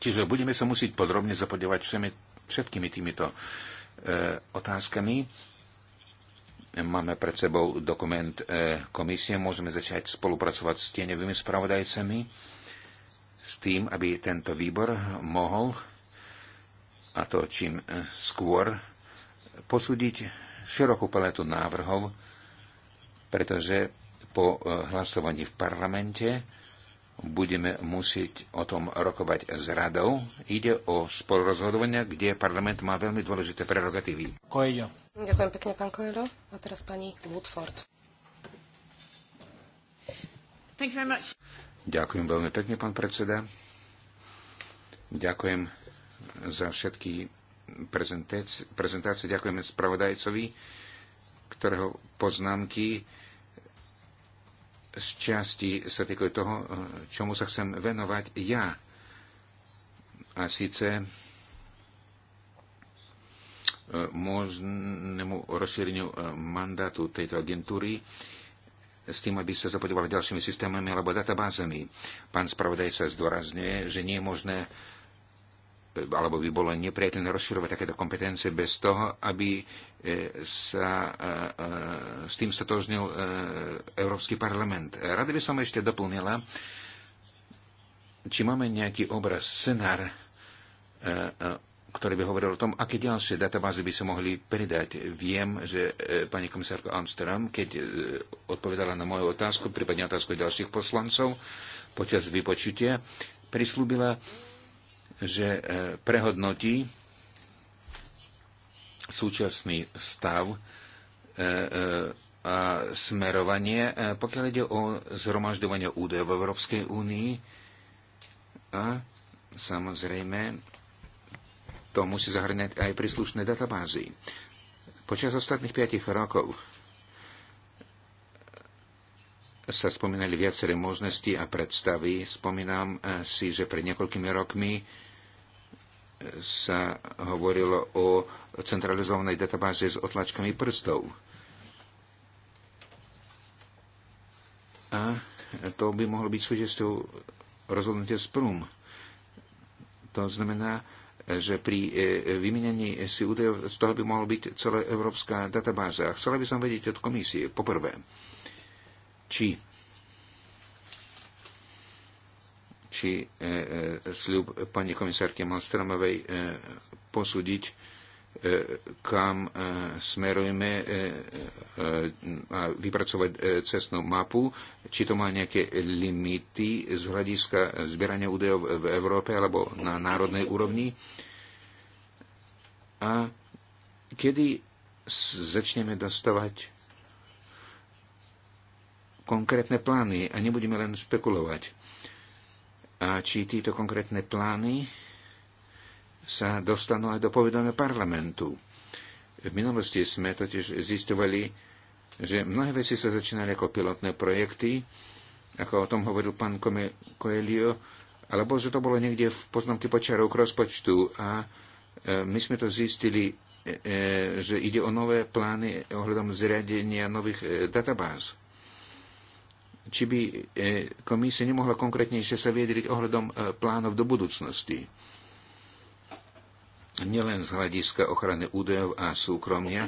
Speaker 3: Čiže budeme sa musieť podrobne zapodívať všetkými týmito eh, otázkami. Máme pred sebou dokument eh, komisie, môžeme začať spolupracovať s tieňovými spravodajcami s tým, aby tento výbor mohol, a to čím eh, skôr, posúdiť širokú paletu návrhov, pretože po e, hlasovaní v parlamente budeme musieť o tom rokovať s radou. Ide o spolurozhodovania, kde parlament má veľmi dôležité prerogatívy. Koelho.
Speaker 2: Ďakujem pekne, pán Koelho. A teraz pani Woodford. Thank you very much.
Speaker 3: Ďakujem veľmi pekne, pán predseda. Ďakujem za všetky prezentácie. prezentácie. Ďakujeme spravodajcovi, ktorého poznámky z časti sa týkajú toho, čomu sa chcem venovať ja. A síce e, možnému rozšíreniu e, mandátu tejto agentúry s tým, aby sa zapodovala ďalšími systémami alebo databázami. Pán spravodaj sa zdôrazňuje, že nie je možné alebo by bolo nepriateľné rozširovať takéto kompetencie bez toho, aby e, sa e, e, s tým stotožnil Európsky parlament. Rada by som ešte doplnila, či máme nejaký obraz, scenár, ktorý by hovoril o tom, aké ďalšie databázy by sa mohli pridať. Viem, že pani komisárka Amsterdam, keď odpovedala na moju otázku, prípadne otázku ďalších poslancov, počas vypočutia, prislúbila že e, prehodnotí súčasný stav e, e, a smerovanie, pokiaľ ide o zhromažďovanie údajov v Európskej únii a samozrejme to musí zahrňať aj príslušné databázy. Počas ostatných 5 rokov sa spomínali viaceré možnosti a predstavy. Spomínam si, že pred niekoľkými rokmi sa hovorilo o centralizovanej databáze s otlačkami prstov. A to by mohlo byť súčasťou rozhodnutia z prúm. To znamená, že pri e, vymenení si údajov z toho by mohla byť celá európska databáza. Chcela by som vedieť od komisie, poprvé, či či e, e, sľub pani komisárky Malstromovej e, posúdiť, kam smerujeme a vypracovať cestnú mapu, či to má nejaké limity z hľadiska zbierania údajov v Európe alebo na národnej úrovni. A kedy začneme dostávať konkrétne plány a nebudeme len špekulovať a či títo konkrétne plány sa dostanú aj do povedomia parlamentu. V minulosti sme totiž zistovali, že mnohé veci sa začínali ako pilotné projekty, ako o tom hovoril pán Coelho, alebo že to bolo niekde v poznámke počiarov k rozpočtu a e, my sme to zistili, e, e, že ide o nové plány ohľadom zriadenia nových databáz či by e, komisia nemohla konkrétnejšie sa viedriť ohľadom e, plánov do budúcnosti. Nielen z hľadiska ochrany údajov a súkromia,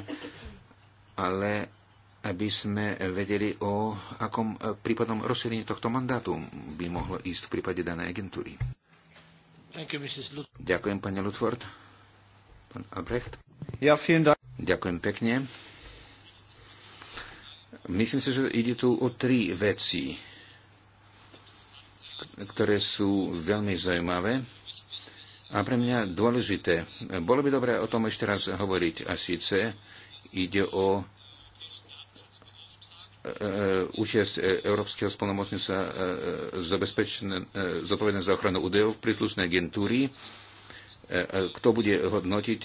Speaker 3: ale aby sme vedeli, o akom e, prípadnom rozšírení tohto mandátu by mohlo ísť v prípade danej agentúry. Ďakujem, pani Lutford. Pán Albrecht. Ja, Ďakujem pekne. Myslím si, že ide tu o tri veci, ktoré sú veľmi zaujímavé a pre mňa dôležité. Bolo by dobré o tom ešte raz hovoriť. A síce ide o e, e, účasť e, Európskeho spolnomocnica zodpovedné za ochranu údajov v príslušnej agentúrii. Kto bude hodnotiť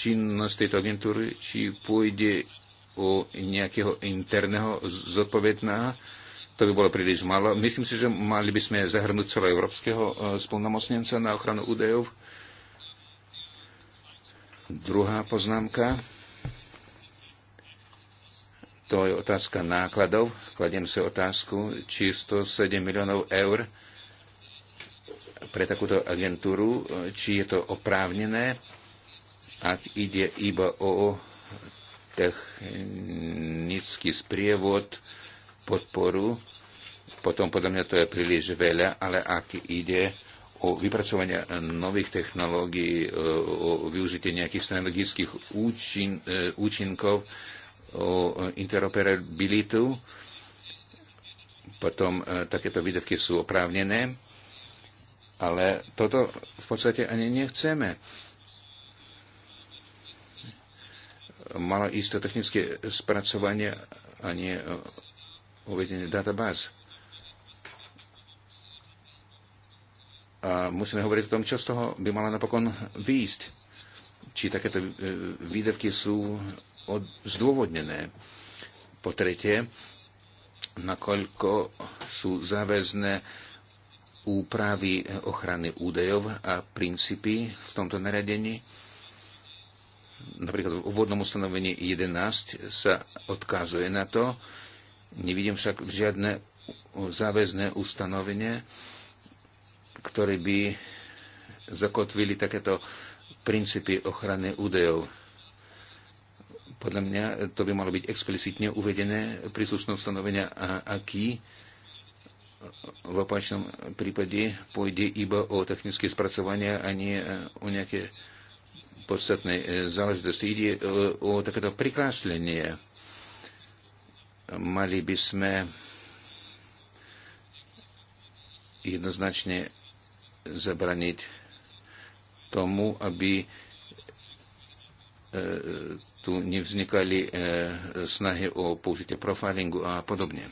Speaker 3: činnosť tejto agentúry, či pôjde u nejakého interného zodpovedná. To by bolo príliš malo. Myslím si, že mali by sme zahrnúť európskeho e, spolnomocnenca na ochranu údajov. Druhá poznámka. To je otázka nákladov. Kladiem si otázku, či 107 miliónov eur pre takúto agentúru, e, či je to oprávnené, ak ide iba o technický sprievod, podporu. Potom podľa mňa to je príliš veľa, ale ak ide o vypracovanie nových technológií, e, o využitie nejakých synergických účin, e, účinkov, o interoperabilitu, potom e, takéto výdavky sú oprávnené, ale toto v podstate ani nechceme malo isté technické spracovanie a nie e, uvedenie databáz. A musíme hovoriť o tom, čo z toho by mala napokon výjsť. Či takéto e, výdavky sú od, zdôvodnené. Po tretie, nakoľko sú záväzné úpravy ochrany údajov a princípy v tomto naradení napríklad v úvodnom ustanovení 11 sa odkazuje na to, nevidím však žiadne záväzné ustanovenie, ktoré by zakotvili takéto princípy ochrany údajov. Podľa mňa to by malo byť explicitne uvedené príslušné ustanovenia a aký v opačnom prípade pôjde iba o technické spracovanie a nie o nejaké podstatnej e, záležitosti. Ide e, o, takéto prikráslenie. Mali by sme jednoznačne zabraniť tomu, aby e, tu nevznikali snahy o použitie profilingu a podobne.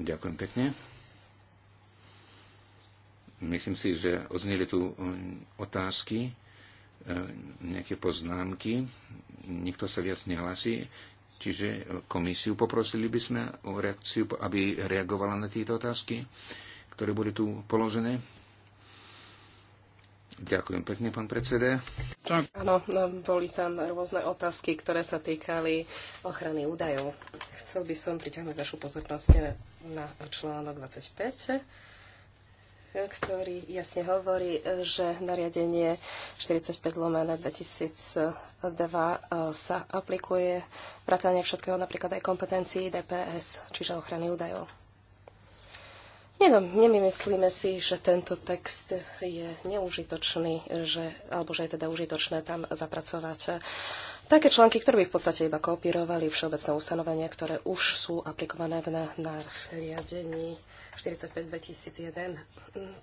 Speaker 3: Ďakujem pekne. Myslím si, že odzneli tu e, otázky, e, nejaké poznámky. Nikto sa viac nehlasí. Čiže komisiu poprosili by sme o reakciu, aby reagovala na tieto otázky, ktoré boli tu položené. Ďakujem pekne, pán predsede.
Speaker 2: Áno, no, boli tam rôzne otázky, ktoré sa týkali ochrany údajov. Chcel by som priťahnuť vašu pozornosť na článok 25 ktorý jasne hovorí, že nariadenie 45 lomene 2002 sa aplikuje vrátane všetkého napríklad aj kompetencií DPS, čiže ochrany údajov no, Nemyslíme si, že tento text je neužitočný, že, alebo že je teda užitočné tam zapracovať také články, ktoré by v podstate iba kopírovali všeobecné ustanovenia, ktoré už sú aplikované v nariadení 45-2001.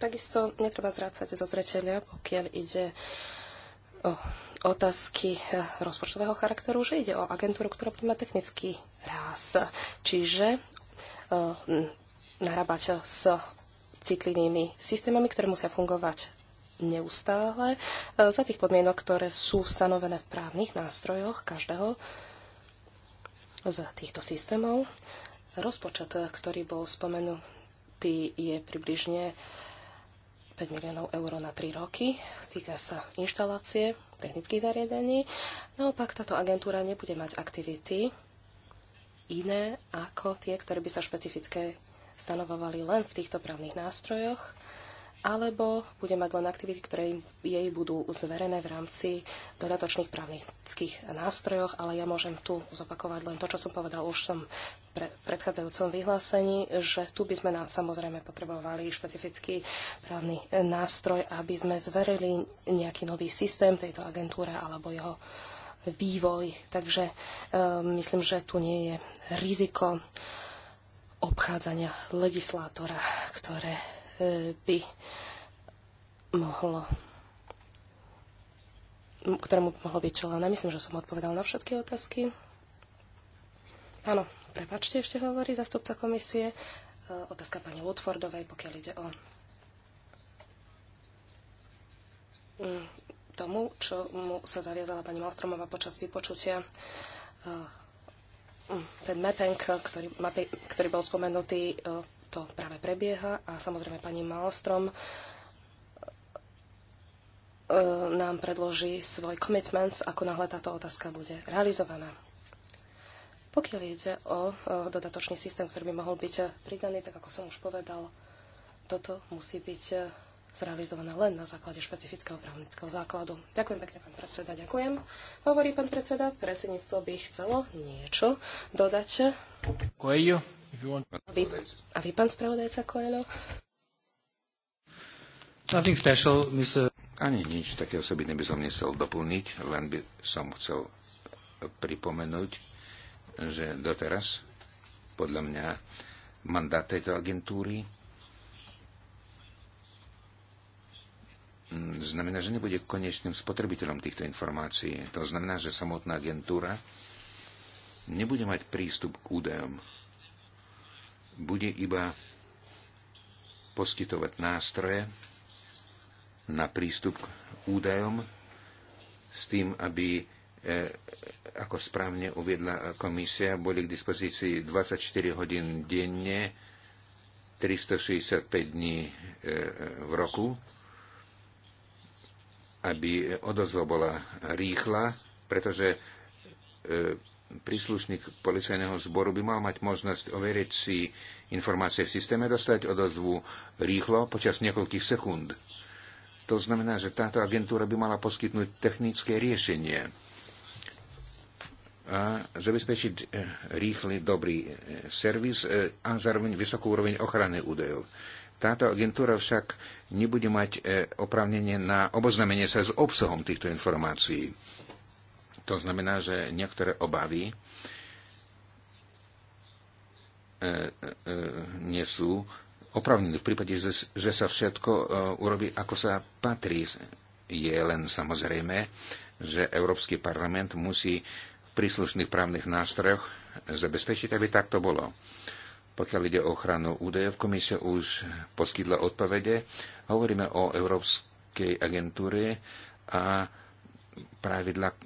Speaker 2: Takisto netreba zrácať zo zreteľa, pokiaľ ide o otázky rozpočtového charakteru, že ide o agentúru, ktorá bude mať technický ráz. Čiže eh, narábať s citlivými systémami, ktoré musia fungovať neustále e, za tých podmienok, ktoré sú stanovené v právnych nástrojoch každého z týchto systémov. Rozpočet, ktorý bol spomenutý, je približne 5 miliónov eur na 3 roky. Týka sa inštalácie technických zariadení. Naopak táto agentúra nebude mať aktivity iné ako tie, ktoré by sa špecifické stanovovali len v týchto právnych nástrojoch, alebo bude mať len aktivity, ktoré jej budú zverené v rámci dodatočných právnických nástrojoch, ale ja môžem tu zopakovať len to, čo som povedal už tom pre predchádzajúcom vyhlásení, že tu by sme nám samozrejme potrebovali špecifický právny nástroj, aby sme zverili nejaký nový systém tejto agentúre alebo jeho vývoj. Takže um, myslím, že tu nie je riziko obchádzania legislátora, ktoré e, by mohlo ktorému by mohlo byť čelené. Myslím, že som odpovedal na všetky otázky. Áno, prepačte, ešte hovorí zastupca komisie. E, otázka pani Woodfordovej, pokiaľ ide o mm, tomu, čo mu sa zaviazala pani Malstromová počas vypočutia e, ten mapping, ktorý, mapi, ktorý bol spomenutý, e, to práve prebieha a samozrejme pani Malstrom e, nám predloží svoj commitments, ako náhle táto otázka bude realizovaná. Pokiaľ ide o e, dodatočný systém, ktorý by mohol byť pridaný, tak ako som už povedal, toto musí byť zrealizované len na základe špecifického právnického základu. Ďakujem pekne, pán predseda. Ďakujem. Hovorí pán predseda, predsedníctvo by chcelo niečo dodať. Coelho, if you want... a, vy, a vy, pán spravodajca Coelho?
Speaker 3: Nothing special, Mr. Ani nič také osoby by som nesel doplniť, len by som chcel pripomenúť, že doteraz podľa mňa mandát tejto agentúry znamená, že nebude konečným spotrebiteľom týchto informácií. To znamená, že samotná agentúra nebude mať prístup k údajom. Bude iba poskytovať nástroje na prístup k údajom s tým, aby e, ako správne uviedla komisia, boli k dispozícii 24 hodín denne, 365 dní e, e, v roku aby odozva bola rýchla, pretože e, príslušník policajného zboru by mal mať možnosť overiť si informácie v systéme, dostať odozvu rýchlo počas niekoľkých sekúnd. To znamená, že táto agentúra by mala poskytnúť technické riešenie a zabezpečiť e, rýchly, dobrý e, servis a zároveň vysokú úroveň ochrany údajov. Táto agentúra však nebude mať e, oprávnenie na oboznamenie sa s obsahom týchto informácií. To znamená, že niektoré obavy e, e, nie sú opravnené v prípade, že sa všetko urobí, ako sa patrí. Je len samozrejme, že Európsky parlament musí v príslušných právnych nástrojoch zabezpečiť, aby takto bolo. Pokiaľ ide o ochranu údajov, komisia už poskytla odpovede. Hovoríme o Európskej agentúre a pravidla e,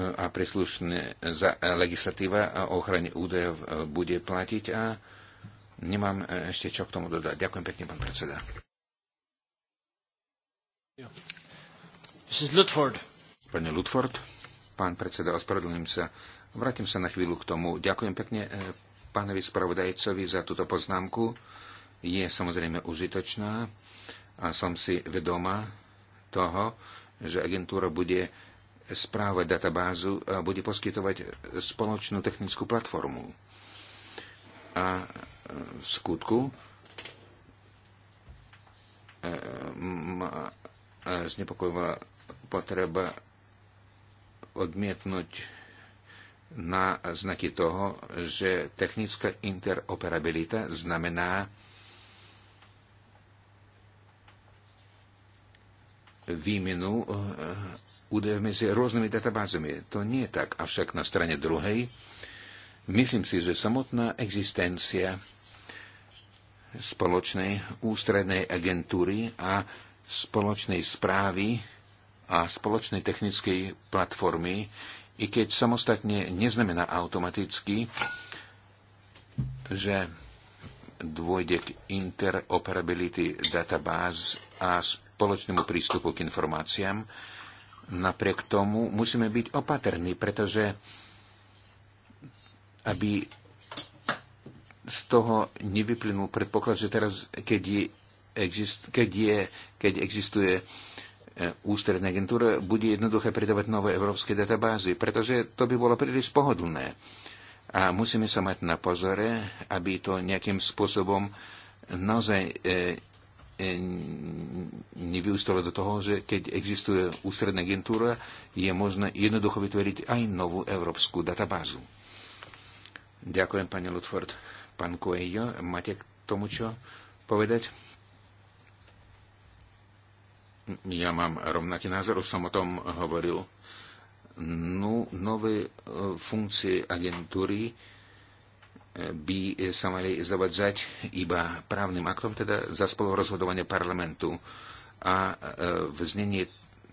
Speaker 3: a príslušné e, legislatíva a ochrane údajov e, bude platiť a nemám ešte čo k tomu dodať. Ďakujem pekne, pán predseda. Mrs. Ludford. pán predseda, ospravedlňujem sa. Vrátim sa na chvíľu k tomu. Ďakujem pekne pánovi spravodajcovi za túto poznámku. Je samozrejme užitočná a som si vedoma toho, že agentúra bude správať databázu a bude poskytovať spoločnú technickú platformu. A v skutku e, ma znepokojila potreba odmietnúť na znaky toho, že technická interoperabilita znamená výmenu eh, údajov medzi rôznymi databázami. To nie je tak. Avšak na strane druhej myslím si, že samotná existencia spoločnej ústrednej agentúry a spoločnej správy a spoločnej technickej platformy i keď samostatne neznamená automaticky, že dôjde k interoperability databáz a spoločnému prístupu k informáciám. Napriek tomu musíme byť opatrní, pretože aby z toho nevyplynul predpoklad, že teraz, keď je, exist, keď je, keď existuje uh, E, ústredná agentúra bude jednoduché pridávať nové európske databázy, pretože to by bolo príliš pohodlné. A musíme sa mať na pozore, aby to nejakým spôsobom naozaj e, e, nevyústalo do toho, že keď existuje ústredná agentúra, je možné jednoducho vytvoriť aj novú európsku databázu. Ďakujem, pani Lutford. Pán Coelho, máte k tomu čo povedať? Ja mám rovnaký názor, som o tom hovoril. No, nové e, funkcie agentúry e, by sa mali zavadzať iba právnym aktom, teda za spolurozhodovanie parlamentu. A e, v znení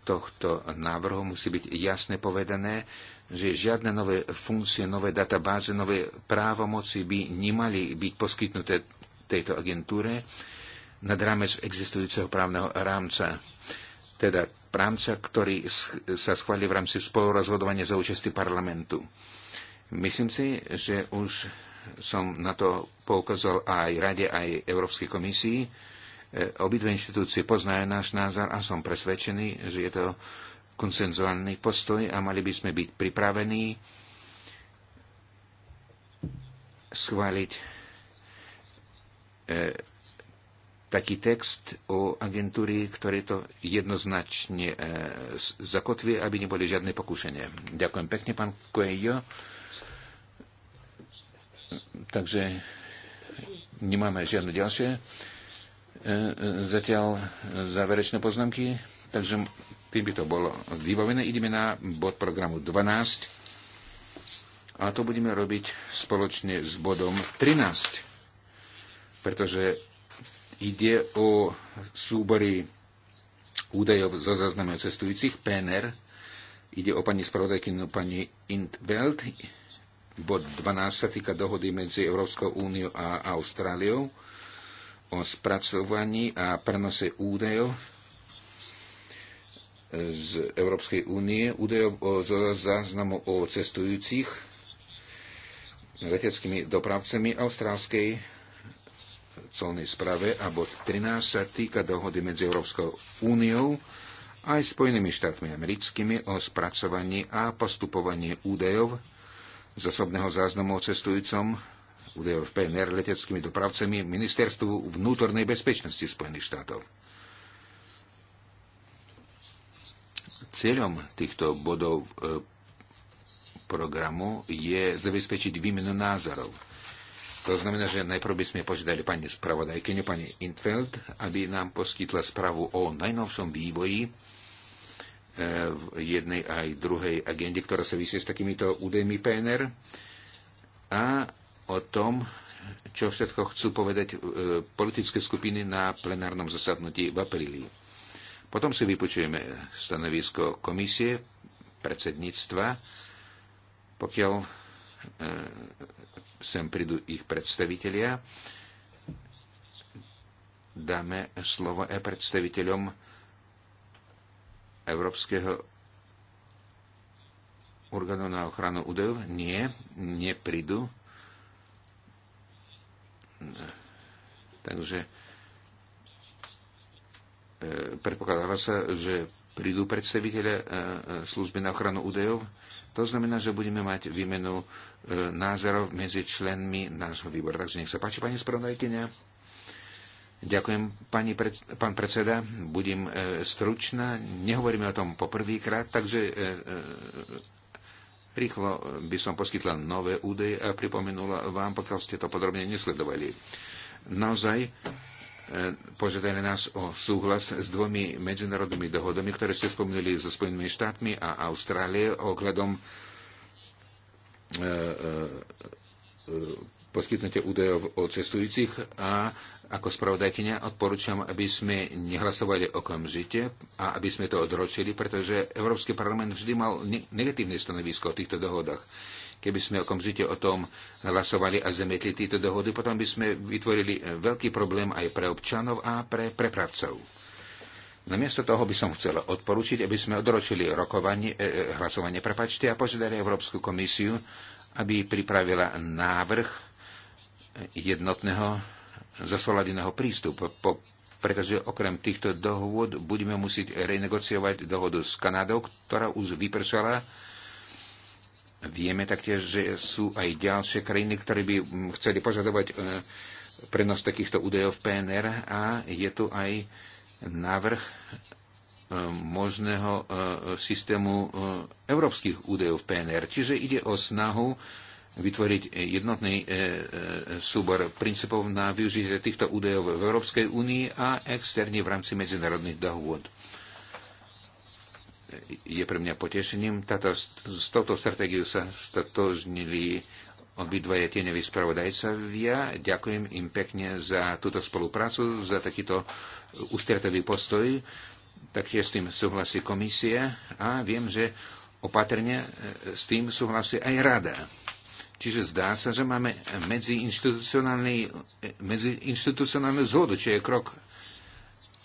Speaker 3: tohto návrhu musí byť jasne povedané, že žiadne nové funkcie, nové databáze, nové právomoci by nemali byť poskytnuté tejto agentúre, nad rámec existujúceho právneho rámca. Teda rámca, ktorý sa schváli v rámci spolurozhodovania za účasti parlamentu. Myslím si, že už som na to poukázal aj Rade, aj Európskej komisii. E, obidve inštitúcie poznajú náš názor a som presvedčený, že je to konsenzuálny postoj a mali by sme byť pripravení schváliť e, taký text o agentúry, ktorý to jednoznačne e, zakotví, aby neboli žiadne pokúšania. Ďakujem pekne, pán Coelho. Takže nemáme žiadne ďalšie e, e, zatiaľ záverečné poznámky. Takže tým by to bolo vybavené. Ideme na bod programu 12 a to budeme robiť spoločne s bodom 13, pretože Ide o súbory údajov zo záznamu cestujúcich, PNR. Ide o pani spravodajkynu no pani Intveld. Bod 12 sa týka dohody medzi Európskou úniou a Austráliou o spracovaní a prenose údajov z Európskej únie, údajov o záznamu o cestujúcich leteckými dopravcami austrálskej colnej správe a bod 13 sa týka dohody medzi Európskou úniou aj Spojenými štátmi americkými o spracovaní a postupovaní údajov z osobného záznamu o cestujúcom údajov v PNR leteckými dopravcami Ministerstvu vnútornej bezpečnosti Spojených štátov. Cieľom týchto bodov e, programu je zabezpečiť výmenu názorov to znamená, že najprv by sme požiadali pani spravodajkyňu, pani Intfeld, aby nám poskytla správu o najnovšom vývoji e, v jednej aj druhej agende, ktorá sa vysie s takýmito údajmi PNR a o tom, čo všetko chcú povedať e, politické skupiny na plenárnom zasadnutí v apríli. Potom si vypočujeme stanovisko komisie, predsedníctva, pokiaľ e, sem prídu ich predstavitelia. Dáme slovo aj predstaviteľom Európskeho orgánu na ochranu údajov. Nie, neprídu. Takže e, predpokladáva sa, že prídu predstaviteľe e, e, služby na ochranu údajov. To znamená, že budeme mať výmenu e, názorov medzi členmi nášho výboru. Takže nech sa páči, pani spravodajkynia. Ďakujem, pani pred, pán predseda. Budem e, stručná. Nehovoríme o tom poprvýkrát, takže e, e, rýchlo by som poskytla nové údaje a pripomenula vám, pokiaľ ste to podrobne nesledovali. Naozaj E, požiadali nás o súhlas s dvomi medzinárodnými dohodami, ktoré ste spomenuli so Spojenými štátmi a Austrálie ohľadom e, e, poskytnutia údajov o cestujúcich a ako spravodajkynia odporúčam, aby sme nehlasovali okamžite a aby sme to odročili, pretože Európsky parlament vždy mal negatívne stanovisko o týchto dohodách. Keby sme okamžite o tom hlasovali a zamietli tieto dohody, potom by sme vytvorili e, veľký problém aj pre občanov a pre prepravcov. Namiesto toho by som chcel odporučiť, aby sme odročili rokovanie, eh, hlasovanie prepačte a požiadali Európsku komisiu, aby pripravila návrh e, jednotného zasoladeného prístupu, po, pretože okrem týchto dohôd budeme musieť renegociovať dohodu s Kanadou, ktorá už vypršala Vieme taktiež, že sú aj ďalšie krajiny, ktoré by mm, chceli požadovať e, prenos takýchto údajov v PNR a je tu aj návrh e, možného e, systému európskych údajov v PNR. Čiže ide o snahu vytvoriť jednotný súbor princípov na využitie týchto údajov v Európskej únii a externe v rámci medzinárodných dohôd je pre mňa potešením. Tato, s touto stratégiou sa stotožnili obidvaja tieňoví spravodajcovia. Ďakujem im pekne za túto spoluprácu, za takýto ústretový postoj. Taktiež s tým súhlasí komisie a viem, že opatrne e, s tým súhlasí aj rada. Čiže zdá sa, že máme e, medziinstitucionálnu zhodu, čo je krok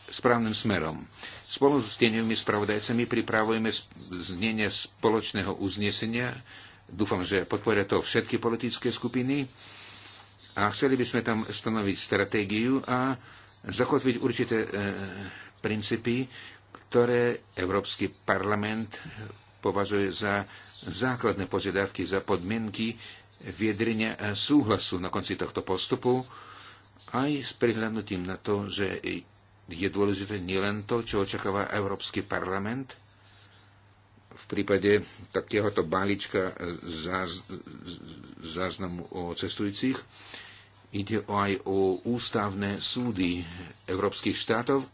Speaker 3: správnym smerom. Spolu s tieňovými spravodajcami pripravujeme znenie spoločného uznesenia. Dúfam, že podporia to všetky politické skupiny. A chceli by sme tam stanoviť stratégiu a zakotviť určité e, princípy, ktoré Európsky parlament považuje za základné požiadavky, za podmienky viedrenia súhlasu na konci tohto postupu, aj s prihľadnutím na to, že je dôležité nielen to, čo očakáva Európsky parlament v prípade takéhoto balíčka e, záznamu o cestujúcich, ide aj o ústavné súdy európskych štátov,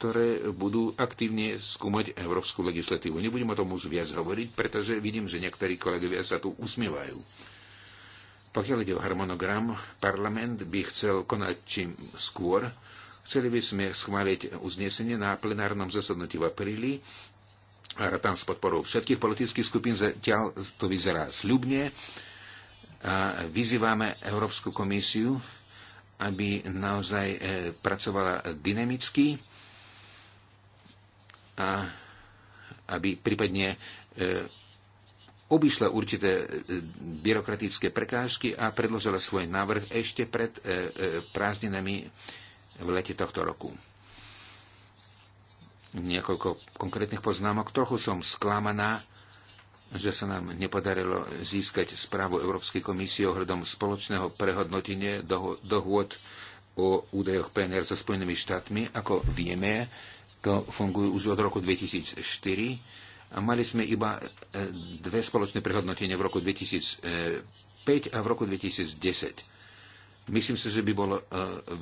Speaker 3: ktoré budú aktívne skúmať európsku legislatívu. Nebudem o tom už viac hovoriť, pretože vidím, že niektorí kolegovia sa tu usmievajú. Pokiaľ ide o harmonogram, parlament by chcel konať čím skôr, Chceli by sme schváliť uznesenie na plenárnom zasadnutí v apríli a tam s podporou všetkých politických skupín zatiaľ to vyzerá sľubne. A vyzývame Európsku komisiu, aby naozaj e, pracovala dynamicky a aby prípadne e, obišla určité e, byrokratické prekážky a predložila svoj návrh ešte pred prázdninami v lete tohto roku. Niekoľko konkrétnych poznámok. Trochu som sklamaná, že sa nám nepodarilo získať správu Európskej komisie ohľadom spoločného prehodnotenia dohôd o údajoch PNR so Spojenými štátmi. Ako vieme, to funguje už od roku 2004 a mali sme iba e, dve spoločné prehodnotenia v roku 2005 e, a v roku 2010. Myslím si, že by bolo e,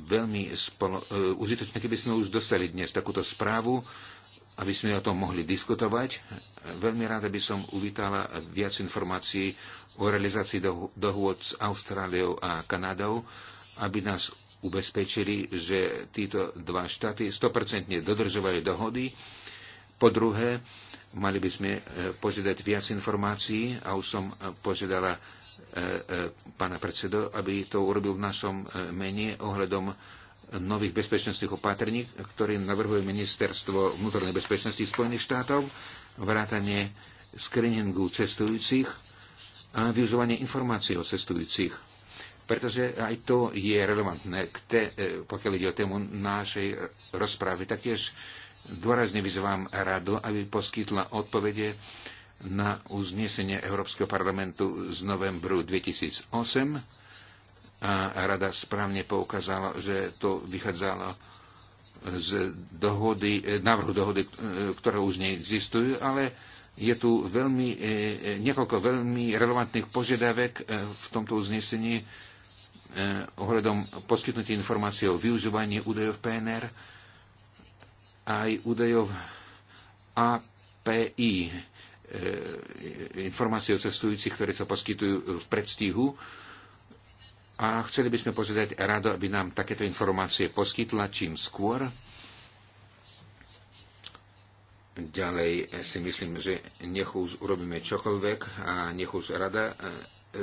Speaker 3: veľmi spolo, e, užitočné, keby sme už dostali dnes takúto správu, aby sme o tom mohli diskutovať. Veľmi rada by som uvítala viac informácií o realizácii dohôd s Austráliou a Kanadou, aby nás ubezpečili, že títo dva štáty 100% dodržovajú dohody. Po druhé, mali by sme e, požiadať viac informácií a už som požiadala E, e, pána predsedu, aby to urobil v našom e, mene ohľadom nových bezpečnostných opatrní, ktoré navrhuje Ministerstvo vnútornej bezpečnosti Spojených štátov, vrátanie screeningu cestujúcich a využívanie informácií o cestujúcich. Pretože aj to je relevantné, te, pokiaľ ide o tému našej rozprávy. Taktiež dôrazne vyzývam radu, aby poskytla odpovede na uznesenie Európskeho parlamentu z novembru 2008 a rada správne poukázala, že to vychádzalo z dohody, návrhu dohody, ktoré už neexistujú, ale je tu veľmi, eh, niekoľko veľmi relevantných požiadavek eh, v tomto uznesení eh, ohľadom poskytnutia informácií o využívaní údajov PNR aj údajov API. E, informácie o cestujúcich, ktoré sa poskytujú v predstihu. A chceli by sme požiadať rado, aby nám takéto informácie poskytla čím skôr. Ďalej e, si myslím, že nech už urobíme čokoľvek a nech už rada, e,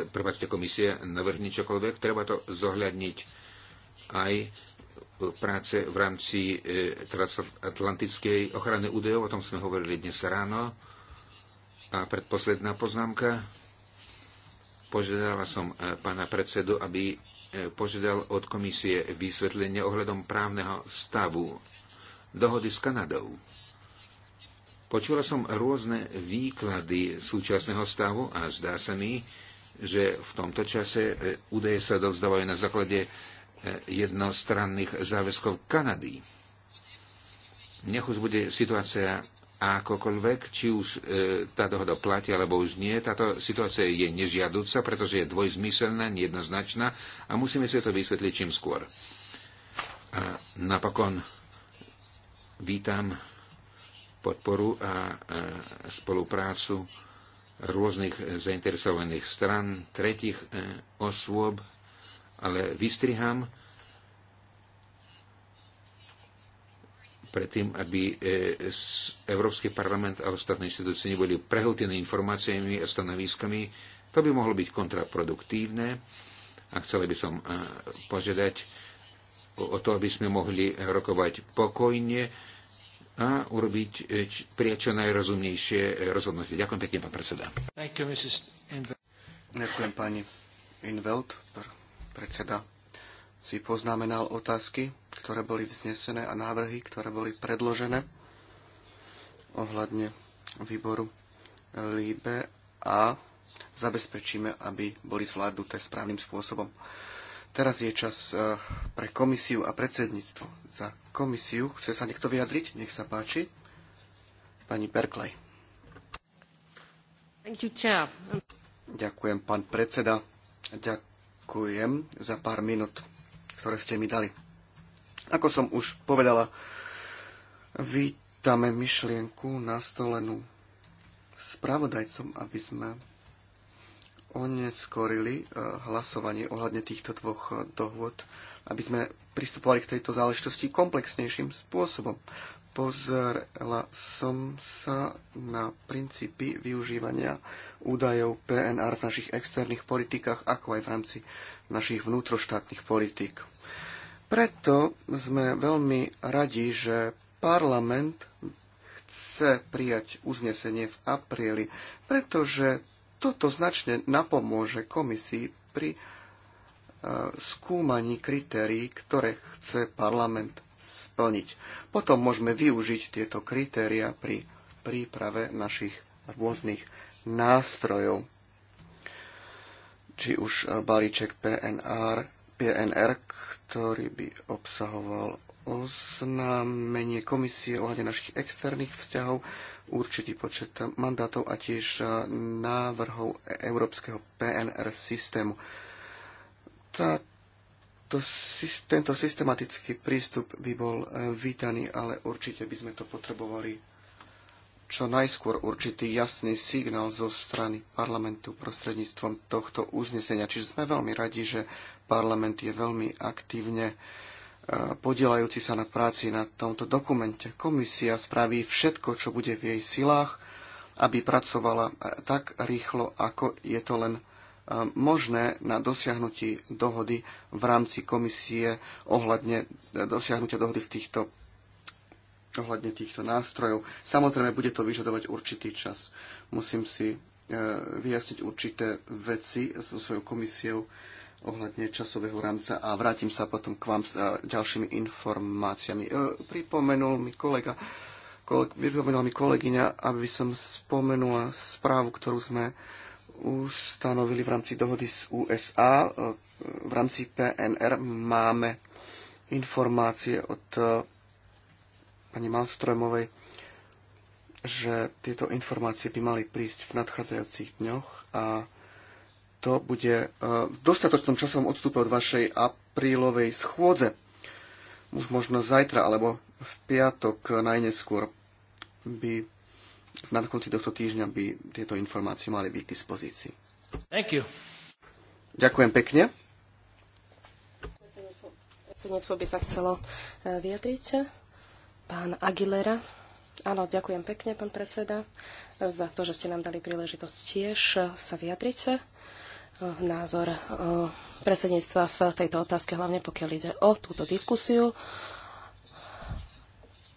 Speaker 3: prepáčte komisie, navrhne čokoľvek. Treba to zohľadniť aj práce v rámci transatlantickej ochrany údajov, o tom sme hovorili dnes ráno. A predposledná poznámka. Požiadala som e, pána predsedu, aby e, požiadal od komisie vysvetlenie ohľadom právneho stavu dohody s Kanadou. Počula som rôzne výklady súčasného stavu a zdá sa mi, že v tomto čase e, údaje sa dovzdávajú na základe jednostranných záväzkov Kanady. Nech už bude situácia a akokoľvek, či už e, tá dohoda platí alebo už nie, táto situácia je nežiaduca, pretože je dvojzmyselná, nejednoznačná a musíme si to vysvetliť čím skôr. A napokon vítam podporu a e, spoluprácu rôznych zainteresovaných stran, tretich e, osôb, ale vystriham, predtým, aby e, Európsky parlament a ostatné inštitúcie neboli prehltené informáciami a stanoviskami. To by mohlo byť kontraproduktívne a chceli by som e, požiadať o to, aby sme mohli rokovať pokojne a urobiť e, priečo najrozumnejšie rozhodnutie. Ďakujem pekne, pán predseda.
Speaker 1: Ďakujem pani Inveld, predseda si poznamenal otázky, ktoré boli vznesené a návrhy, ktoré boli predložené ohľadne výboru LIBE a zabezpečíme, aby boli zvládnuté správnym spôsobom. Teraz je čas e, pre komisiu a predsedníctvo. Za komisiu chce sa niekto vyjadriť? Nech sa páči. Pani Berkley. You, Ďakujem, pán predseda. Ďakujem za pár minút ktoré ste mi dali. Ako som už povedala, vítame myšlienku nastolenú spravodajcom, aby sme oneskorili eh, hlasovanie ohľadne týchto dvoch eh, dohôd, aby sme pristupovali k tejto záležitosti komplexnejším spôsobom. Pozrela som sa na princípy využívania údajov PNR v našich externých politikách, ako aj v rámci našich vnútroštátnych politík. Preto sme veľmi radi, že parlament chce prijať uznesenie v apríli, pretože toto značne napomôže komisii pri e, skúmaní kritérií, ktoré chce parlament splniť. Potom môžeme využiť tieto kritéria pri príprave našich rôznych nástrojov či už balíček PNR, PNR, ktorý by obsahoval oznámenie komisie ohľadne našich externých vzťahov, určitý počet mandátov a tiež e, návrhov e, európskeho PNR systému. Táto, tento systematický prístup by bol e, vítaný, ale určite by sme to potrebovali čo najskôr určitý jasný signál zo strany parlamentu prostredníctvom tohto uznesenia. Čiže sme veľmi radi, že parlament je veľmi aktívne e, podielajúci sa na práci na tomto dokumente. Komisia spraví všetko, čo bude v jej silách, aby pracovala e, tak rýchlo, ako je to len e, možné na dosiahnutí dohody v rámci komisie ohľadne dosiahnutia dohody v týchto, ohľadne týchto nástrojov. Samozrejme, bude to vyžadovať určitý čas. Musím si vyjasniť určité veci so svojou komisiou ohľadne časového rámca a vrátim sa potom k vám s ďalšími informáciami. E, pripomenul mi kolega, pripomenula mi kolegyňa, aby som spomenula správu, ktorú sme ustanovili v rámci dohody s USA. E, v rámci PNR máme informácie od e, pani Malstromovej, že tieto informácie by mali prísť v nadchádzajúcich dňoch a to bude e, v dostatočnom časovom odstupe od vašej aprílovej schôdze. Už možno zajtra alebo v piatok najneskôr by na konci tohto týždňa by tieto informácie mali byť k dispozícii. Thank you. Ďakujem pekne.
Speaker 2: Predsedníctvo by sa chcelo e, vyjadriť. Pán Aguilera. Áno, ďakujem pekne, pán predseda, za to, že ste nám dali príležitosť tiež sa vyjadriť názor eh, predsedníctva v tejto otázke, hlavne pokiaľ ide o túto diskusiu.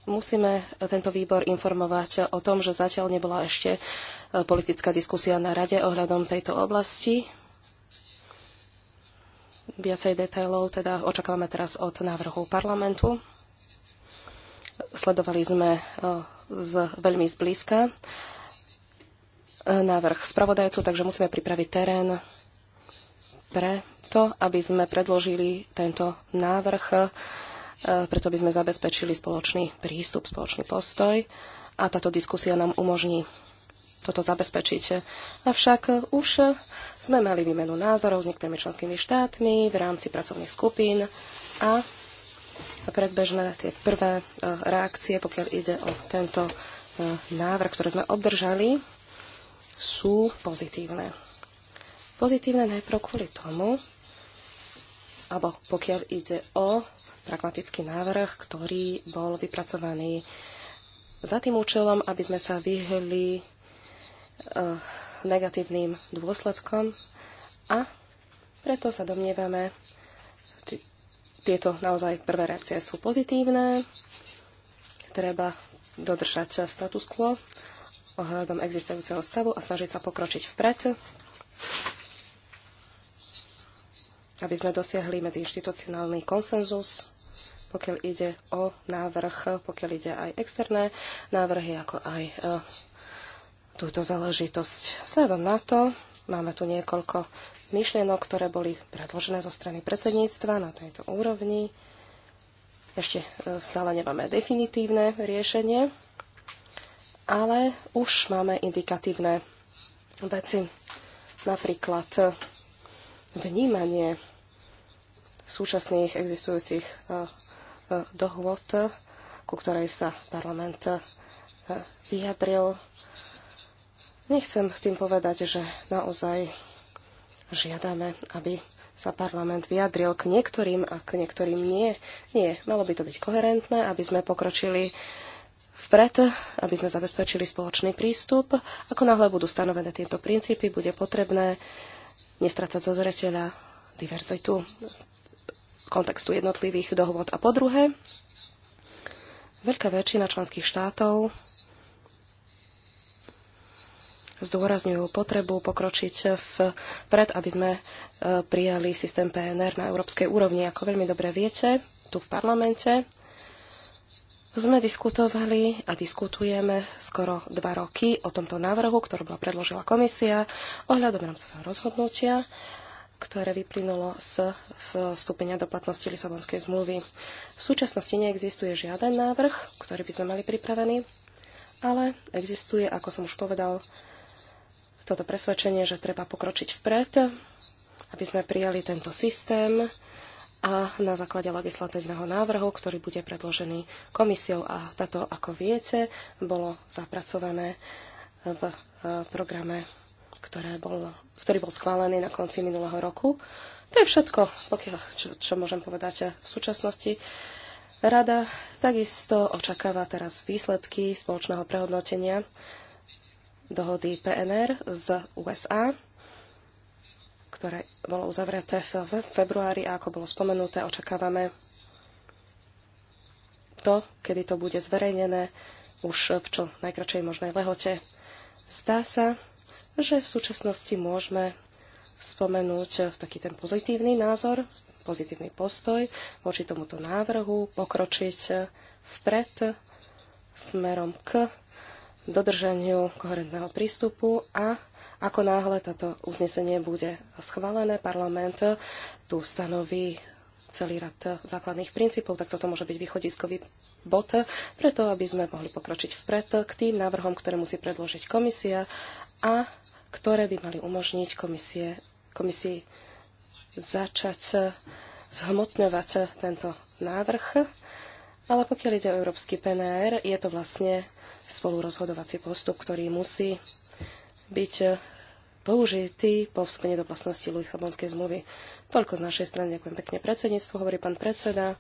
Speaker 2: Musíme tento výbor informovať o tom, že zatiaľ nebola ešte eh, politická diskusia na rade ohľadom tejto oblasti. Viacej detailov teda očakávame teraz od návrhu parlamentu. Sledovali sme eh, z, veľmi zblízka návrh spravodajcu, takže musíme pripraviť terén preto, aby sme predložili tento návrh, e, preto by sme zabezpečili spoločný prístup, spoločný postoj a táto diskusia nám umožní toto zabezpečiť. Avšak už sme mali výmenu názorov s niektorými členskými štátmi v rámci pracovných skupín a predbežné tie prvé e, reakcie, pokiaľ ide o tento e, návrh, ktoré sme obdržali, sú pozitívne. Pozitívne najprv kvôli tomu, alebo pokiaľ ide o pragmatický návrh, ktorý bol vypracovaný za tým účelom, aby sme sa vyhli e, negatívnym dôsledkom a preto sa domnievame, tieto naozaj prvé reakcie sú pozitívne, treba dodržať status quo ohľadom existujúceho stavu a snažiť sa pokročiť vpred. aby sme dosiahli medziinstitucionálny konsenzus, pokiaľ ide o návrh, pokiaľ ide aj externé návrhy, ako aj e, túto záležitosť. Vzhľadom na to, máme tu niekoľko myšlienok, ktoré boli predložené zo strany predsedníctva na tejto úrovni. Ešte e, stále nemáme definitívne riešenie, ale už máme indikatívne veci. Napríklad vnímanie súčasných existujúcich e, e, dohôd, ku ktorej sa parlament e, vyjadril. Nechcem tým povedať, že naozaj žiadame, aby sa parlament vyjadril k niektorým a k niektorým nie. Nie, malo by to byť koherentné, aby sme pokročili vpred, aby sme zabezpečili spoločný prístup. Ako náhle budú stanovené tieto princípy, bude potrebné nestrácať zo zreteľa diverzitu kontextu jednotlivých dohôd. A po druhé, veľká väčšina členských štátov zdôrazňujú potrebu pokročiť vpred, aby sme e, prijali systém PNR na európskej úrovni. Ako veľmi dobre viete, tu v parlamente sme diskutovali a diskutujeme skoro dva roky o tomto návrhu, ktorý bola predložila komisia ohľadom rámcového rozhodnutia ktoré vyplynulo z vstúpenia do platnosti Lisabonskej zmluvy. V súčasnosti neexistuje žiaden návrh, ktorý by sme mali pripravený, ale existuje, ako som už povedal, toto presvedčenie, že treba pokročiť vpred, aby sme prijali tento systém a na základe legislatívneho návrhu, ktorý bude predložený komisiou a táto, ako viete, bolo zapracované v eh, programe ktoré bol, ktorý bol schválený na konci minulého roku. To je všetko, pokiaľ, čo, čo môžem povedať v súčasnosti. Rada takisto očakáva teraz výsledky spoločného prehodnotenia dohody PNR z USA, ktoré bolo uzavreté v februári a ako bolo spomenuté, očakávame to, kedy to bude zverejnené už v čo najkračej možnej lehote. Zdá sa, že v súčasnosti môžeme spomenúť eh, taký ten pozitívny názor, pozitívny postoj voči tomuto návrhu, pokročiť eh, vpred smerom k dodržaniu koherentného prístupu a ako náhle táto uznesenie bude schválené, parlament tu stanoví celý rad eh, základných princípov, tak toto môže byť východiskový bod, preto aby sme mohli pokročiť vpred k tým návrhom, ktoré musí predložiť komisia a ktoré by mali umožniť komisie, komisii začať eh, zhmotňovať eh, tento návrh. Ale pokiaľ ide o európsky PNR, je to vlastne spolurozhodovací postup, ktorý musí byť eh, použitý po vstúpení do vlastnosti Lisabonskej zmluvy. Toľko z našej strany. Ďakujem pekne predsedníctvu, hovorí pán predseda.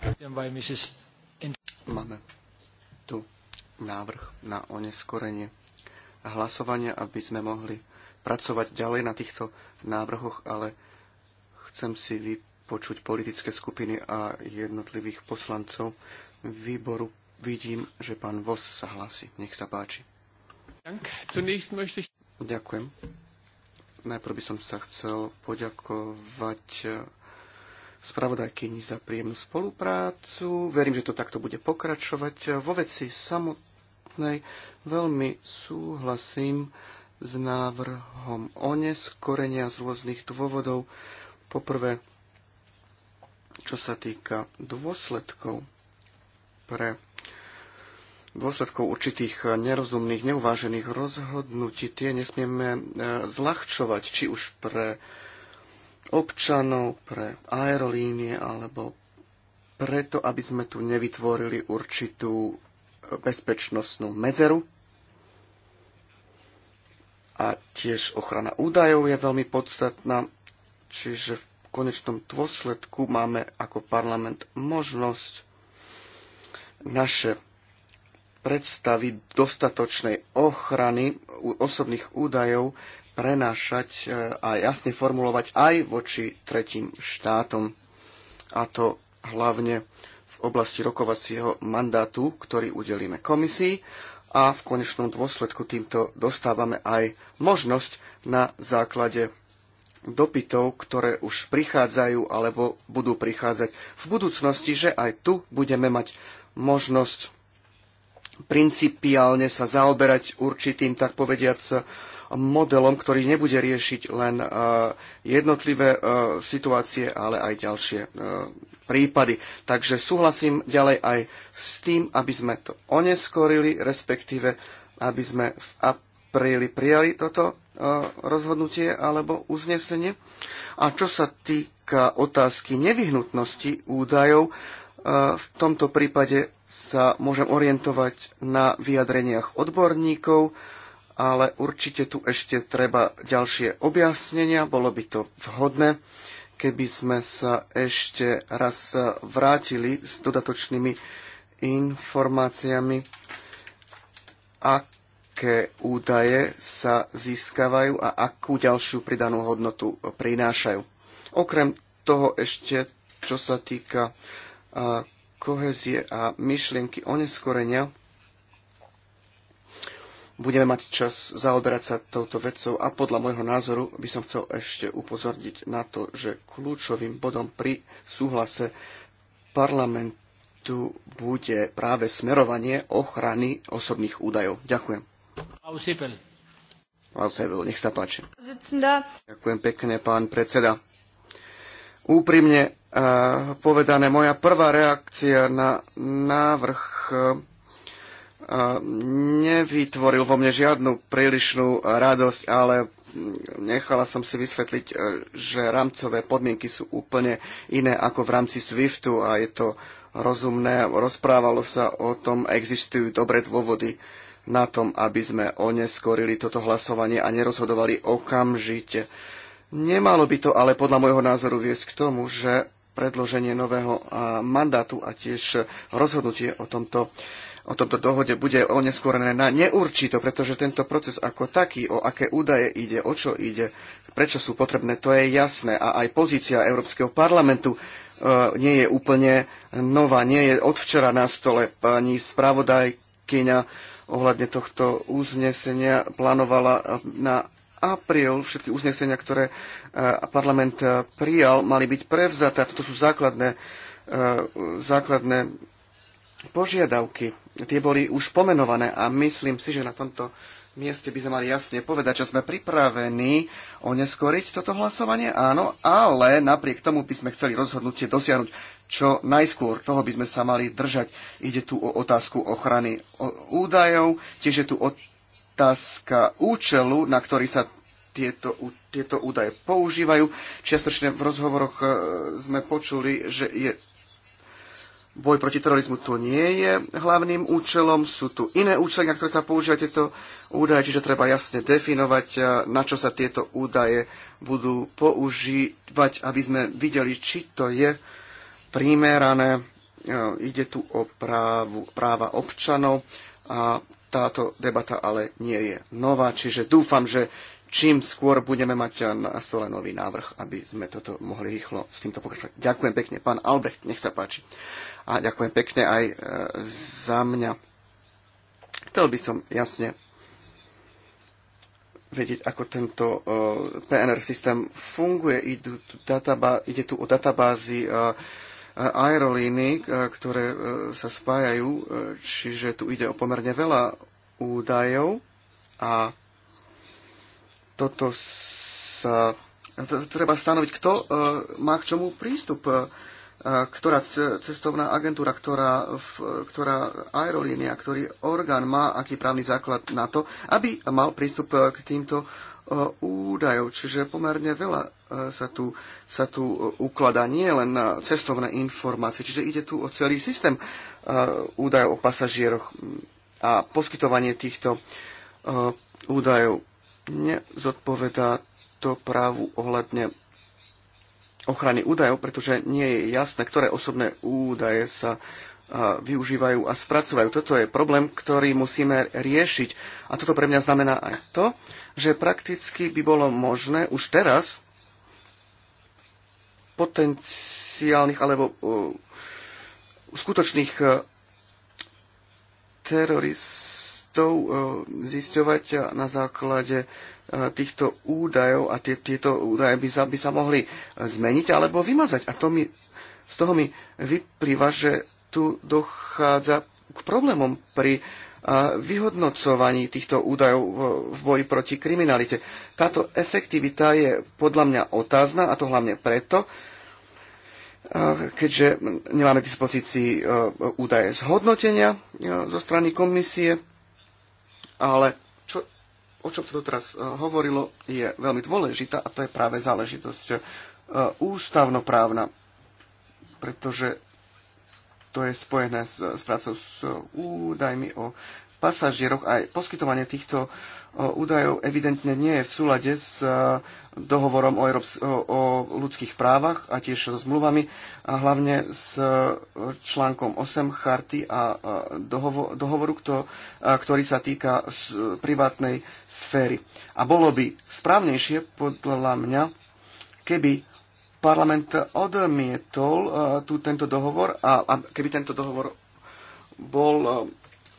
Speaker 1: Máme tu návrh na oneskorenie hlasovania, aby sme mohli pracovať ďalej na týchto návrhoch, ale chcem si vypočuť politické skupiny a jednotlivých poslancov výboru. Vidím, že pán Vos sa hlási. Nech sa páči. Ďakujem. Najprv by som sa chcel poďakovať eh, spravodajkyni za príjemnú spoluprácu. Verím, že to takto bude pokračovať. Vo veci samotnej samotnej veľmi súhlasím s návrhom oneskorenia z rôznych dôvodov. Poprvé, čo sa týka dôsledkov pre dôsledkov určitých nerozumných, neuvážených rozhodnutí, tie nesmieme e, zľahčovať, či už pre občanov, pre aerolínie, alebo preto, aby sme tu nevytvorili určitú bezpečnostnú medzeru. A tiež ochrana údajov je veľmi podstatná, čiže v konečnom dôsledku máme ako parlament možnosť naše predstavy dostatočnej ochrany osobných údajov prenášať e, a jasne formulovať aj voči tretím štátom. A to hlavne oblasti rokovacieho mandátu, ktorý udelíme komisii a v konečnom dôsledku týmto dostávame aj možnosť na základe dopytov, ktoré už prichádzajú alebo budú prichádzať v budúcnosti, že aj tu budeme mať možnosť principiálne sa zaoberať určitým, tak povediac, modelom, ktorý nebude riešiť len eh, jednotlivé eh, situácie, ale aj ďalšie eh, prípady. Takže súhlasím ďalej aj s tým, aby sme to oneskorili, respektíve aby sme v apríli prijali toto e, rozhodnutie alebo uznesenie. A čo sa týka otázky nevyhnutnosti údajov, e, v tomto prípade sa môžem orientovať na vyjadreniach odborníkov, ale určite tu ešte treba ďalšie objasnenia, bolo by to vhodné keby sme sa ešte raz vrátili s dodatočnými informáciami, aké údaje sa získavajú a akú ďalšiu pridanú hodnotu prinášajú. Okrem toho ešte, čo sa týka kohezie a myšlienky oneskorenia, budeme mať čas zaoberať sa touto vecou a podľa môjho názoru by som chcel ešte upozorniť na to, že kľúčovým bodom pri súhlase parlamentu bude práve smerovanie ochrany osobných údajov. Ďakujem. Lausebel, nech sa páči. Ďakujem pekne, pán predseda. Úprimne eh, povedané, moja prvá reakcia na návrh eh, nevytvoril vo mne žiadnu prílišnú radosť, ale nechala som si vysvetliť, e, že rámcové podmienky sú úplne iné ako v rámci SWIFTu a je to rozumné. Rozprávalo sa o tom, existujú dobré dôvody na tom, aby sme oneskorili toto hlasovanie a nerozhodovali okamžite. Nemalo by to ale podľa môjho názoru viesť k tomu, že predloženie nového mandátu a tiež rozhodnutie o tomto o tomto dohode bude oneskorené na neurčito, pretože tento proces ako taký, o aké údaje ide, o čo ide, prečo sú potrebné, to je jasné. A aj pozícia Európskeho parlamentu e, nie je úplne nová, nie je od včera na stole. Pani spravodajkyňa ohľadne tohto uznesenia plánovala e, na apríl všetky uznesenia, ktoré e, parlament prijal, mali byť prevzaté. Toto sú základné, základné požiadavky. Tie boli už pomenované a myslím si, že na tomto mieste by sme mali jasne povedať, že sme pripravení oneskoriť toto hlasovanie, áno, ale napriek tomu by sme chceli rozhodnutie dosiahnuť čo najskôr. Toho by sme sa mali držať. Ide tu o otázku ochrany údajov, tiež je tu otázka účelu, na ktorý sa tieto, tieto údaje používajú. Čiastočne v rozhovoroch e, sme počuli, že je Boj proti terorizmu to nie je hlavným účelom, sú tu iné účely, na ktoré sa používajú tieto údaje, čiže treba jasne definovať, eh, na čo sa tieto údaje budú používať, aby sme videli, či to je primerané. Eh, ide tu o právu, práva občanov a táto debata ale nie je nová, čiže dúfam, že čím skôr budeme mať na stole nový návrh, aby sme toto mohli rýchlo s týmto pokračovať. Ďakujem pekne. Pán Albrecht, nech sa páči a ďakujem pekne aj e, za mňa. Chcel by som jasne vedieť, ako tento e, PNR systém funguje. Idú tu databá, ide tu o databázy e, aerolíny, ktoré sa spájajú, čiže tu ide o pomerne veľa údajov a toto sa treba stanoviť, kto má k čomu prístup. E, ktorá cestovná agentúra, ktorá, ktorá aerolínia, ktorý orgán má aký právny základ na to, aby mal prístup e, k týmto e, údajov. Čiže pomerne veľa sa tu, sa tu ukladá, nie len na cestovné informácie. Čiže ide tu o celý systém údajov o pasažieroch a poskytovanie týchto údajov nezodpovedá to právu ohľadne ochrany údajov, pretože nie je jasné, ktoré osobné údaje sa využívajú a spracovajú. Toto je problém, ktorý musíme riešiť. A toto pre mňa znamená aj to, že prakticky by bolo možné už teraz potenciálnych alebo uh, skutočných uh, teroristov uh, zisťovať na základe týchto údajov a tie, tieto údaje by sa, by sa mohli zmeniť alebo vymazať. A to mi, z toho mi vyplýva, že tu dochádza k problémom pri vyhodnocovaní týchto údajov v boji proti kriminalite. Táto efektivita je podľa mňa otázna a to hlavne preto, keďže nemáme k dispozícii údaje zhodnotenia zo strany komisie, ale o čom sa doteraz e, hovorilo, je veľmi dôležitá a to je práve záležitosť e, ústavnoprávna, pretože to je spojené s, s prácou s údajmi o pasažieroch a poskytovanie týchto údajov evidentne nie je v súlade s e, dohovorom o, Európs- o ľudských právach a tiež s mluvami a hlavne s e, článkom 8 charty a e, dohovo- dohovoru, kto, ktorý sa týka privátnej sféry. A bolo by správnejšie, podľa mňa, keby parlament odmietol tu tento dohovor a, a keby tento dohovor bol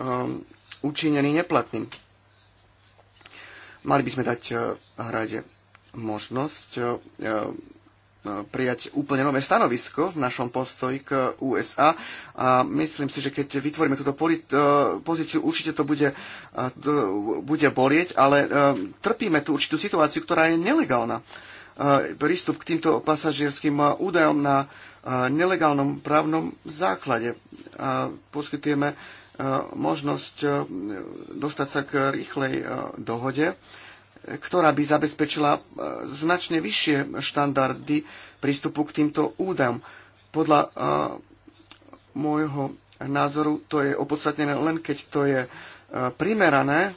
Speaker 1: um, učinený neplatným. Mali by sme dať e, hrade možnosť e, e, prijať úplne nové stanovisko v našom postoji k USA a myslím si, že keď vytvoríme túto pozíciu, určite to bude, bude bolieť, ale trpíme tú určitú situáciu, ktorá je nelegálna. Prístup k týmto pasažierským údajom na nelegálnom právnom základe. A poskytujeme E, možnosť e, dostať sa k rýchlej e, dohode, ktorá by zabezpečila značne vyššie štandardy prístupu k týmto údajom. Podľa môjho názoru to je opodstatnené len keď to je primerané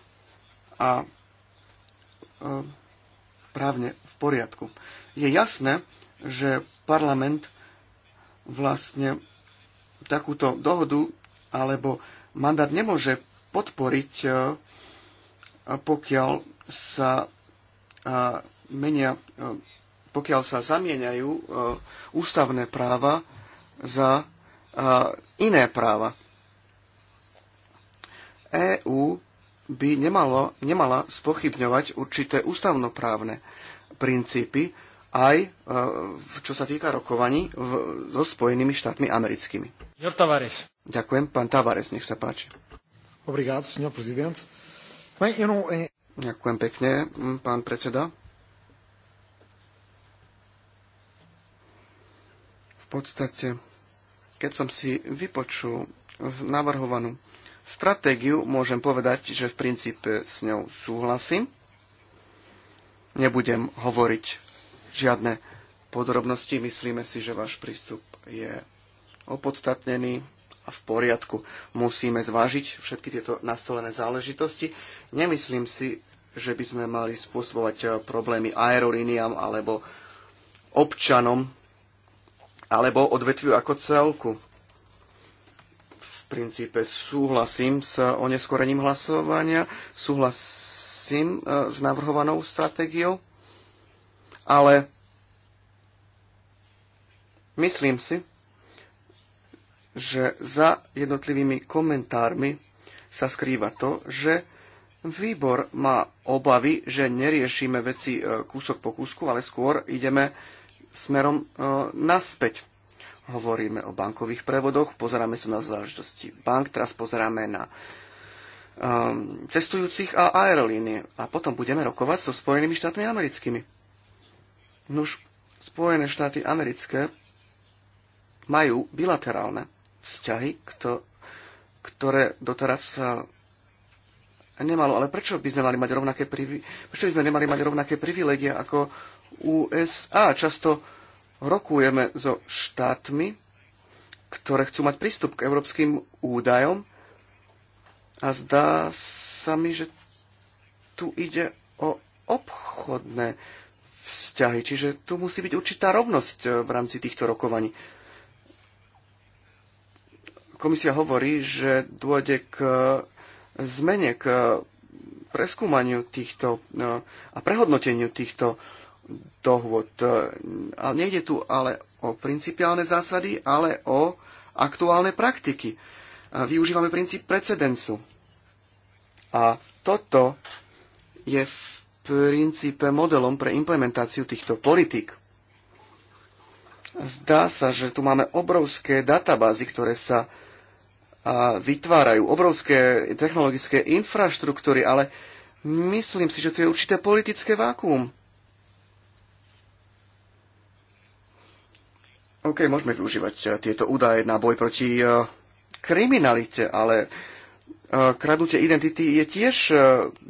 Speaker 1: a právne v poriadku. Je jasné, že parlament vlastne takúto dohodu alebo mandát nemôže podporiť, e, pokiaľ sa e, menia, e, pokiaľ sa zamieňajú ústavné práva za iné práva. EÚ by nemalo, nemala spochybňovať určité ústavnoprávne princípy aj čo sa týka rokovaní so Spojenými štátmi americkými. Senor Tavares. Ďakujem. Pán Tavares, nech sa páči. Obrigado, senor prezident. Eh, Ďakujem pekne, pán predseda. V podstate, keď som si vypočul navrhovanú stratégiu, môžem povedať, že v princípe s ňou súhlasím. Nebudem hovoriť žiadne podrobnosti. Myslíme si, že váš prístup je opodstatnený a v poriadku. Musíme zvážiť všetky tieto nastolené záležitosti. Nemyslím si, že by sme mali spôsobovať eh, problémy aerolíniám alebo občanom alebo odvetviu ako celku. V princípe súhlasím s oneskorením hlasovania, súhlasím eh, s navrhovanou stratégiou, ale myslím si, že za jednotlivými komentármi sa skrýva to, že výbor má obavy, že neriešime veci e, kúsok po kúsku, ale skôr ideme smerom e, naspäť. Hovoríme o bankových prevodoch, pozeráme sa na záležitosti bank, teraz pozeráme na ehm, cestujúcich a aerolínie. A potom budeme rokovať so Spojenými štátmi americkými. Nuž, Spojené štáty americké majú bilaterálne vzťahy, kto, ktoré doteraz sa nemalo. Ale prečo by sme mali mať rovnaké, privi- prečo by sme nemali mať rovnaké privilegie ako USA? Často rokujeme so štátmi, ktoré chcú mať prístup k európskym údajom a zdá sa mi, že tu ide o obchodné vzťahy, čiže tu musí byť určitá rovnosť v rámci týchto rokovaní komisia hovorí, že dôjde k e, zmene, k preskúmaniu týchto e, a prehodnoteniu týchto dohôd. E, nejde tu ale o principiálne zásady, ale o aktuálne praktiky. Využívame princíp precedensu. A toto je v princípe modelom pre implementáciu týchto politík. Zdá sa, že tu máme obrovské databázy, ktoré sa a vytvárajú obrovské technologické infraštruktúry, ale myslím si, že tu je určité politické vákuum. OK, môžeme využívať eh, tieto údaje na boj proti eh, kriminalite, ale eh, kradnutie identity je tiež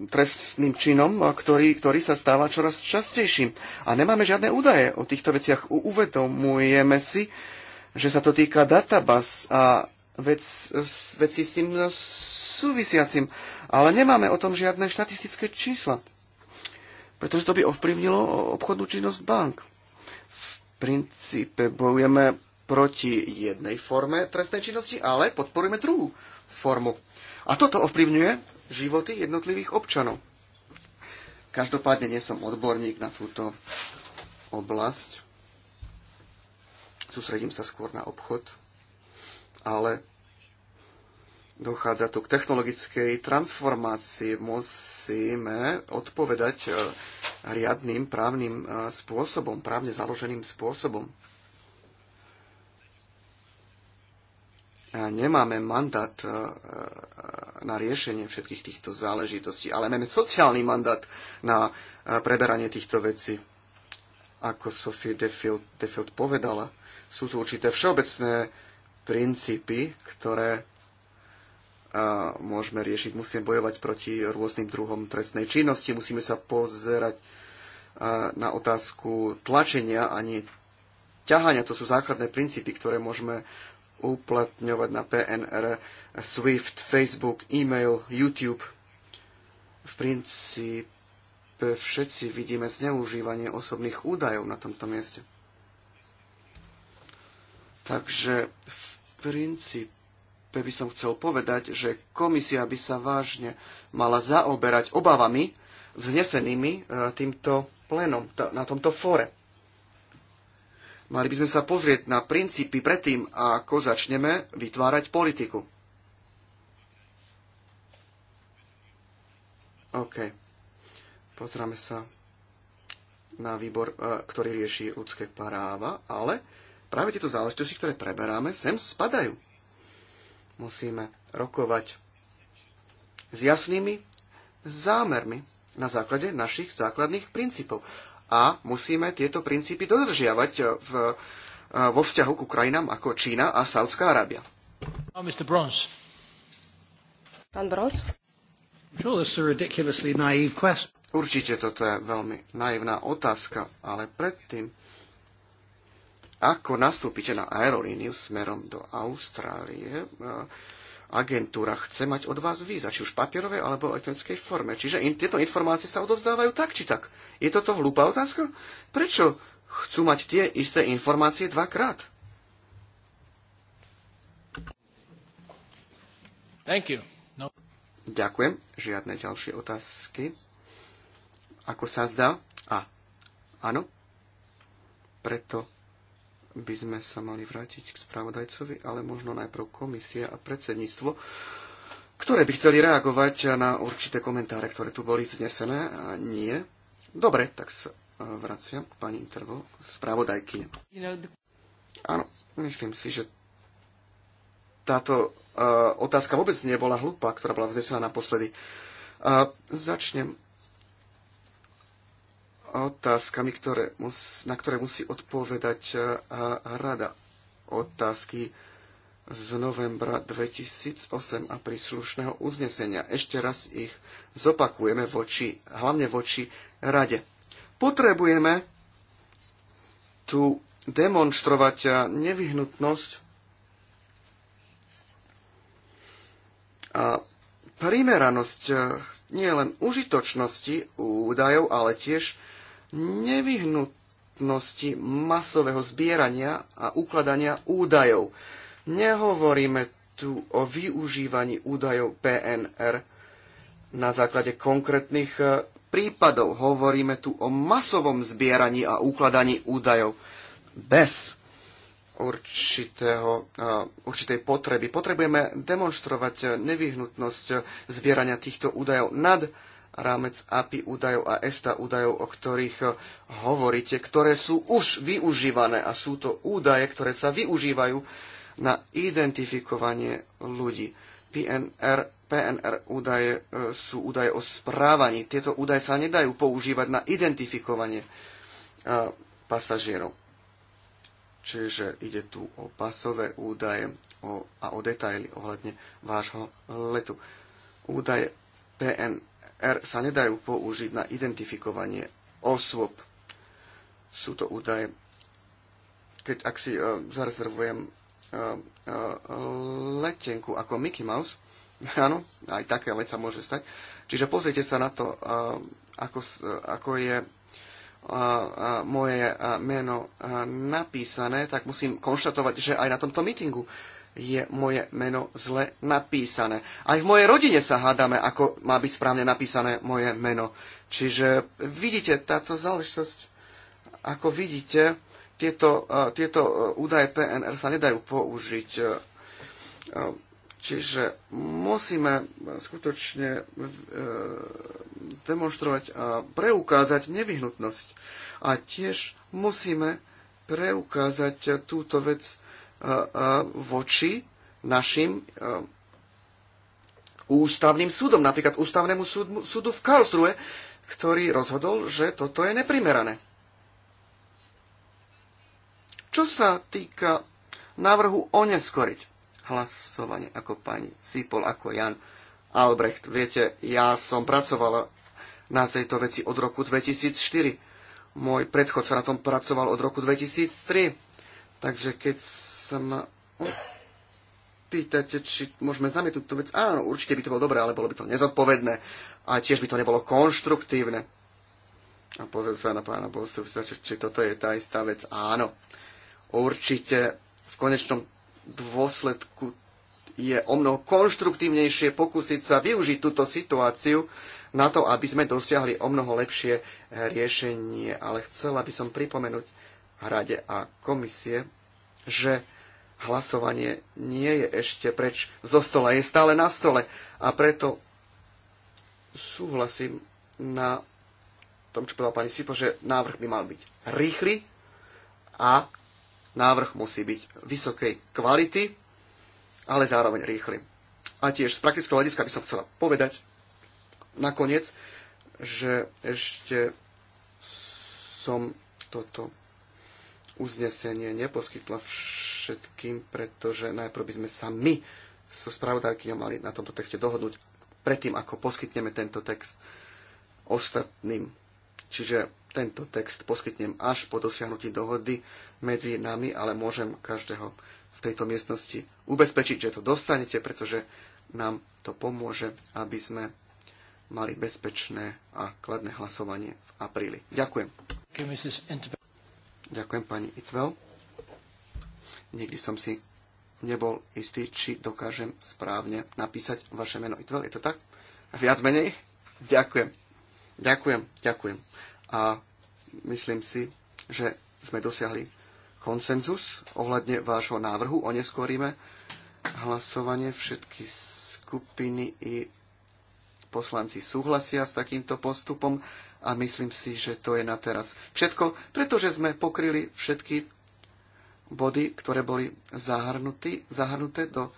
Speaker 1: trestným činom, ktorý, ktorý sa stáva čoraz častejším. A nemáme žiadne údaje o týchto veciach. Uvedomujeme si, že sa to týka databas a vec, veci s tým no, súvisiacim. Ale nemáme o tom žiadne štatistické čísla. Pretože to by ovplyvnilo obchodnú činnosť bank. V princípe bojujeme proti jednej forme trestnej činnosti, ale podporujeme druhú formu. A toto ovplyvňuje životy jednotlivých občanov. Každopádne nie som odborník na túto oblasť. Sústredím sa skôr na obchod ale dochádza tu k technologickej transformácii. Musíme odpovedať e, riadným právnym e, spôsobom, právne založeným spôsobom. nemáme mandát e, na riešenie všetkých týchto záležitostí, ale máme sociálny mandát na preberanie týchto vecí. Ako Sophie Defield, Defield povedala, sú tu určité všeobecné princípy, ktoré môžeme riešiť. Musíme bojovať proti rôznym druhom trestnej činnosti, musíme sa pozerať na otázku tlačenia a nie ťahania. To sú základné princípy, ktoré môžeme uplatňovať na PNR, Swift, Facebook, e-mail, YouTube. V princípe všetci vidíme zneužívanie osobných údajov na tomto mieste. Takže v princípe by som chcel povedať, že komisia by sa vážne mala zaoberať obavami vznesenými e, týmto plénom, na tomto fóre. Mali by sme sa pozrieť na princípy predtým, ako začneme vytvárať politiku. OK. Pozráme sa na výbor, e, ktorý rieši ľudské práva, ale práve tieto záležitosti, ktoré preberáme, sem spadajú. Musíme rokovať s jasnými zámermi na základe našich základných princípov. A musíme tieto princípy dodržiavať v, e, vo vzťahu k krajinám ako Čína a Saudská Arábia. Oh, Mr. Pán Brons? Určite toto je veľmi naivná otázka, ale predtým ako nastúpite na aerolíniu smerom do Austrálie, e, agentúra chce mať od vás víza, či už papierovej alebo elektronickej forme. Čiže in, tieto informácie sa odovzdávajú tak, či tak. Je toto hlúpa otázka? Prečo chcú mať tie isté informácie dvakrát?
Speaker 2: Thank you. No.
Speaker 1: Ďakujem. Žiadne ďalšie otázky. Ako sa zdá? A. Áno. Preto by sme sa mali vrátiť k správodajcovi, ale možno najprv komisia a predsedníctvo, ktoré by chceli reagovať na určité komentáre, ktoré tu boli vznesené a nie. Dobre, tak sa e, vraciam k pani Intervo, správodajky. Áno, myslím si, že táto uh, otázka vôbec nebola hlúpa, ktorá bola vznesená naposledy. Uh, začnem otázkami, ktoré mus, na ktoré musí odpovedať e, rada. Otázky z novembra 2008 a príslušného uznesenia. Ešte raz ich zopakujeme voči, hlavne voči rade. Potrebujeme tu demonstrovať e, nevyhnutnosť a primeranosť e, nielen užitočnosti údajov, ale tiež nevyhnutnosti masového zbierania a ukladania údajov. Nehovoríme tu o využívaní údajov PNR na základe konkrétnych e, prípadov. Hovoríme tu o masovom zbieraní a ukladaní údajov bez určitého, e, určitej potreby. Potrebujeme demonstrovať nevyhnutnosť zbierania týchto údajov nad rámec API údajov a ESTA údajov, o ktorých e, hovoríte, ktoré sú už využívané a sú to údaje, ktoré sa využívajú na identifikovanie ľudí. PNR, PNR údaje e, sú údaje o správaní. Tieto údaje sa nedajú používať na identifikovanie e, pasažierov. Čiže ide tu o pasové údaje a o detaily ohľadne vášho letu. Údaje PNR R sa nedajú použiť na identifikovanie osôb. Sú to údaje. Keď ak si uh, zarezervujem uh, uh, letenku ako Mickey Mouse, áno, aj také vec sa môže stať. Čiže pozrite sa na to, uh, ako, uh, ako je moje meno napísané, tak musím konštatovať, že aj na tomto mítingu je moje meno zle napísané. Aj v mojej rodine sa hádame, ako má byť správne napísané moje meno. Čiže vidíte táto záležitosť, ako vidíte, tieto, e, tieto e, údaje PNR sa nedajú použiť. E, čiže musíme skutočne demonstrovať a preukázať nevyhnutnosť. A tiež musíme preukázať túto vec E, e, voči našim e, ústavným súdom, napríklad ústavnému súdu, súdu v Karlsruhe, ktorý rozhodol, že toto je neprimerané. Čo sa týka návrhu oneskoriť hlasovanie ako pani Sipol, ako Jan Albrecht, viete, ja som pracoval na tejto veci od roku 2004. Môj sa na tom pracoval od roku 2003. Takže keď sa ma pýtate, či môžeme zamietnúť tú vec, áno, určite by to bolo dobré, ale bolo by to nezodpovedné a tiež by to nebolo konštruktívne. A pozrieť sa na pána Bostrupca, či, či toto je tá istá vec. Áno, určite v konečnom dôsledku je o mnoho konštruktívnejšie pokúsiť sa využiť túto situáciu na to, aby sme dosiahli o mnoho lepšie riešenie. Ale chcela by som pripomenúť, Rade a komisie, že hlasovanie nie je ešte preč zo stola, je stále na stole. A preto súhlasím na tom, čo povedal pani Sipo, že návrh by mal byť rýchly a návrh musí byť vysokej kvality, ale zároveň rýchly. A tiež z praktického hľadiska by som chcela povedať nakoniec, že ešte som toto uznesenie neposkytla všetkým, pretože najprv by sme sa my so spravodajkyňou mali na tomto texte dohodnúť predtým, ako poskytneme tento text ostatným. Čiže tento text poskytnem až po dosiahnutí dohody medzi nami, ale môžem každého v tejto miestnosti ubezpečiť, že to dostanete, pretože nám to pomôže, aby sme mali bezpečné a kladné hlasovanie v apríli. Ďakujem. Ďakujem pani Itvel. Nikdy som si nebol istý, či dokážem správne napísať vaše meno Itvel. Je to tak? Viac menej? Ďakujem. Ďakujem, ďakujem. A myslím si, že sme dosiahli konsenzus ohľadne vášho návrhu. Oneskoríme hlasovanie. Všetky skupiny i poslanci súhlasia s takýmto postupom a myslím si, že to je na teraz všetko, pretože sme pokryli všetky body, ktoré boli zahrnuté do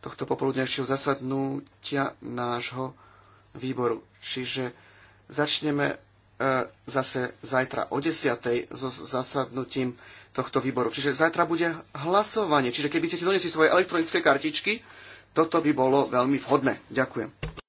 Speaker 1: tohto popoludnejšieho zasadnutia nášho výboru. Čiže začneme e, zase zajtra o 10. so zasadnutím tohto výboru. Čiže zajtra bude hlasovanie. Čiže keby ste si donesli svoje elektronické kartičky, toto by bolo veľmi vhodné. Ďakujem.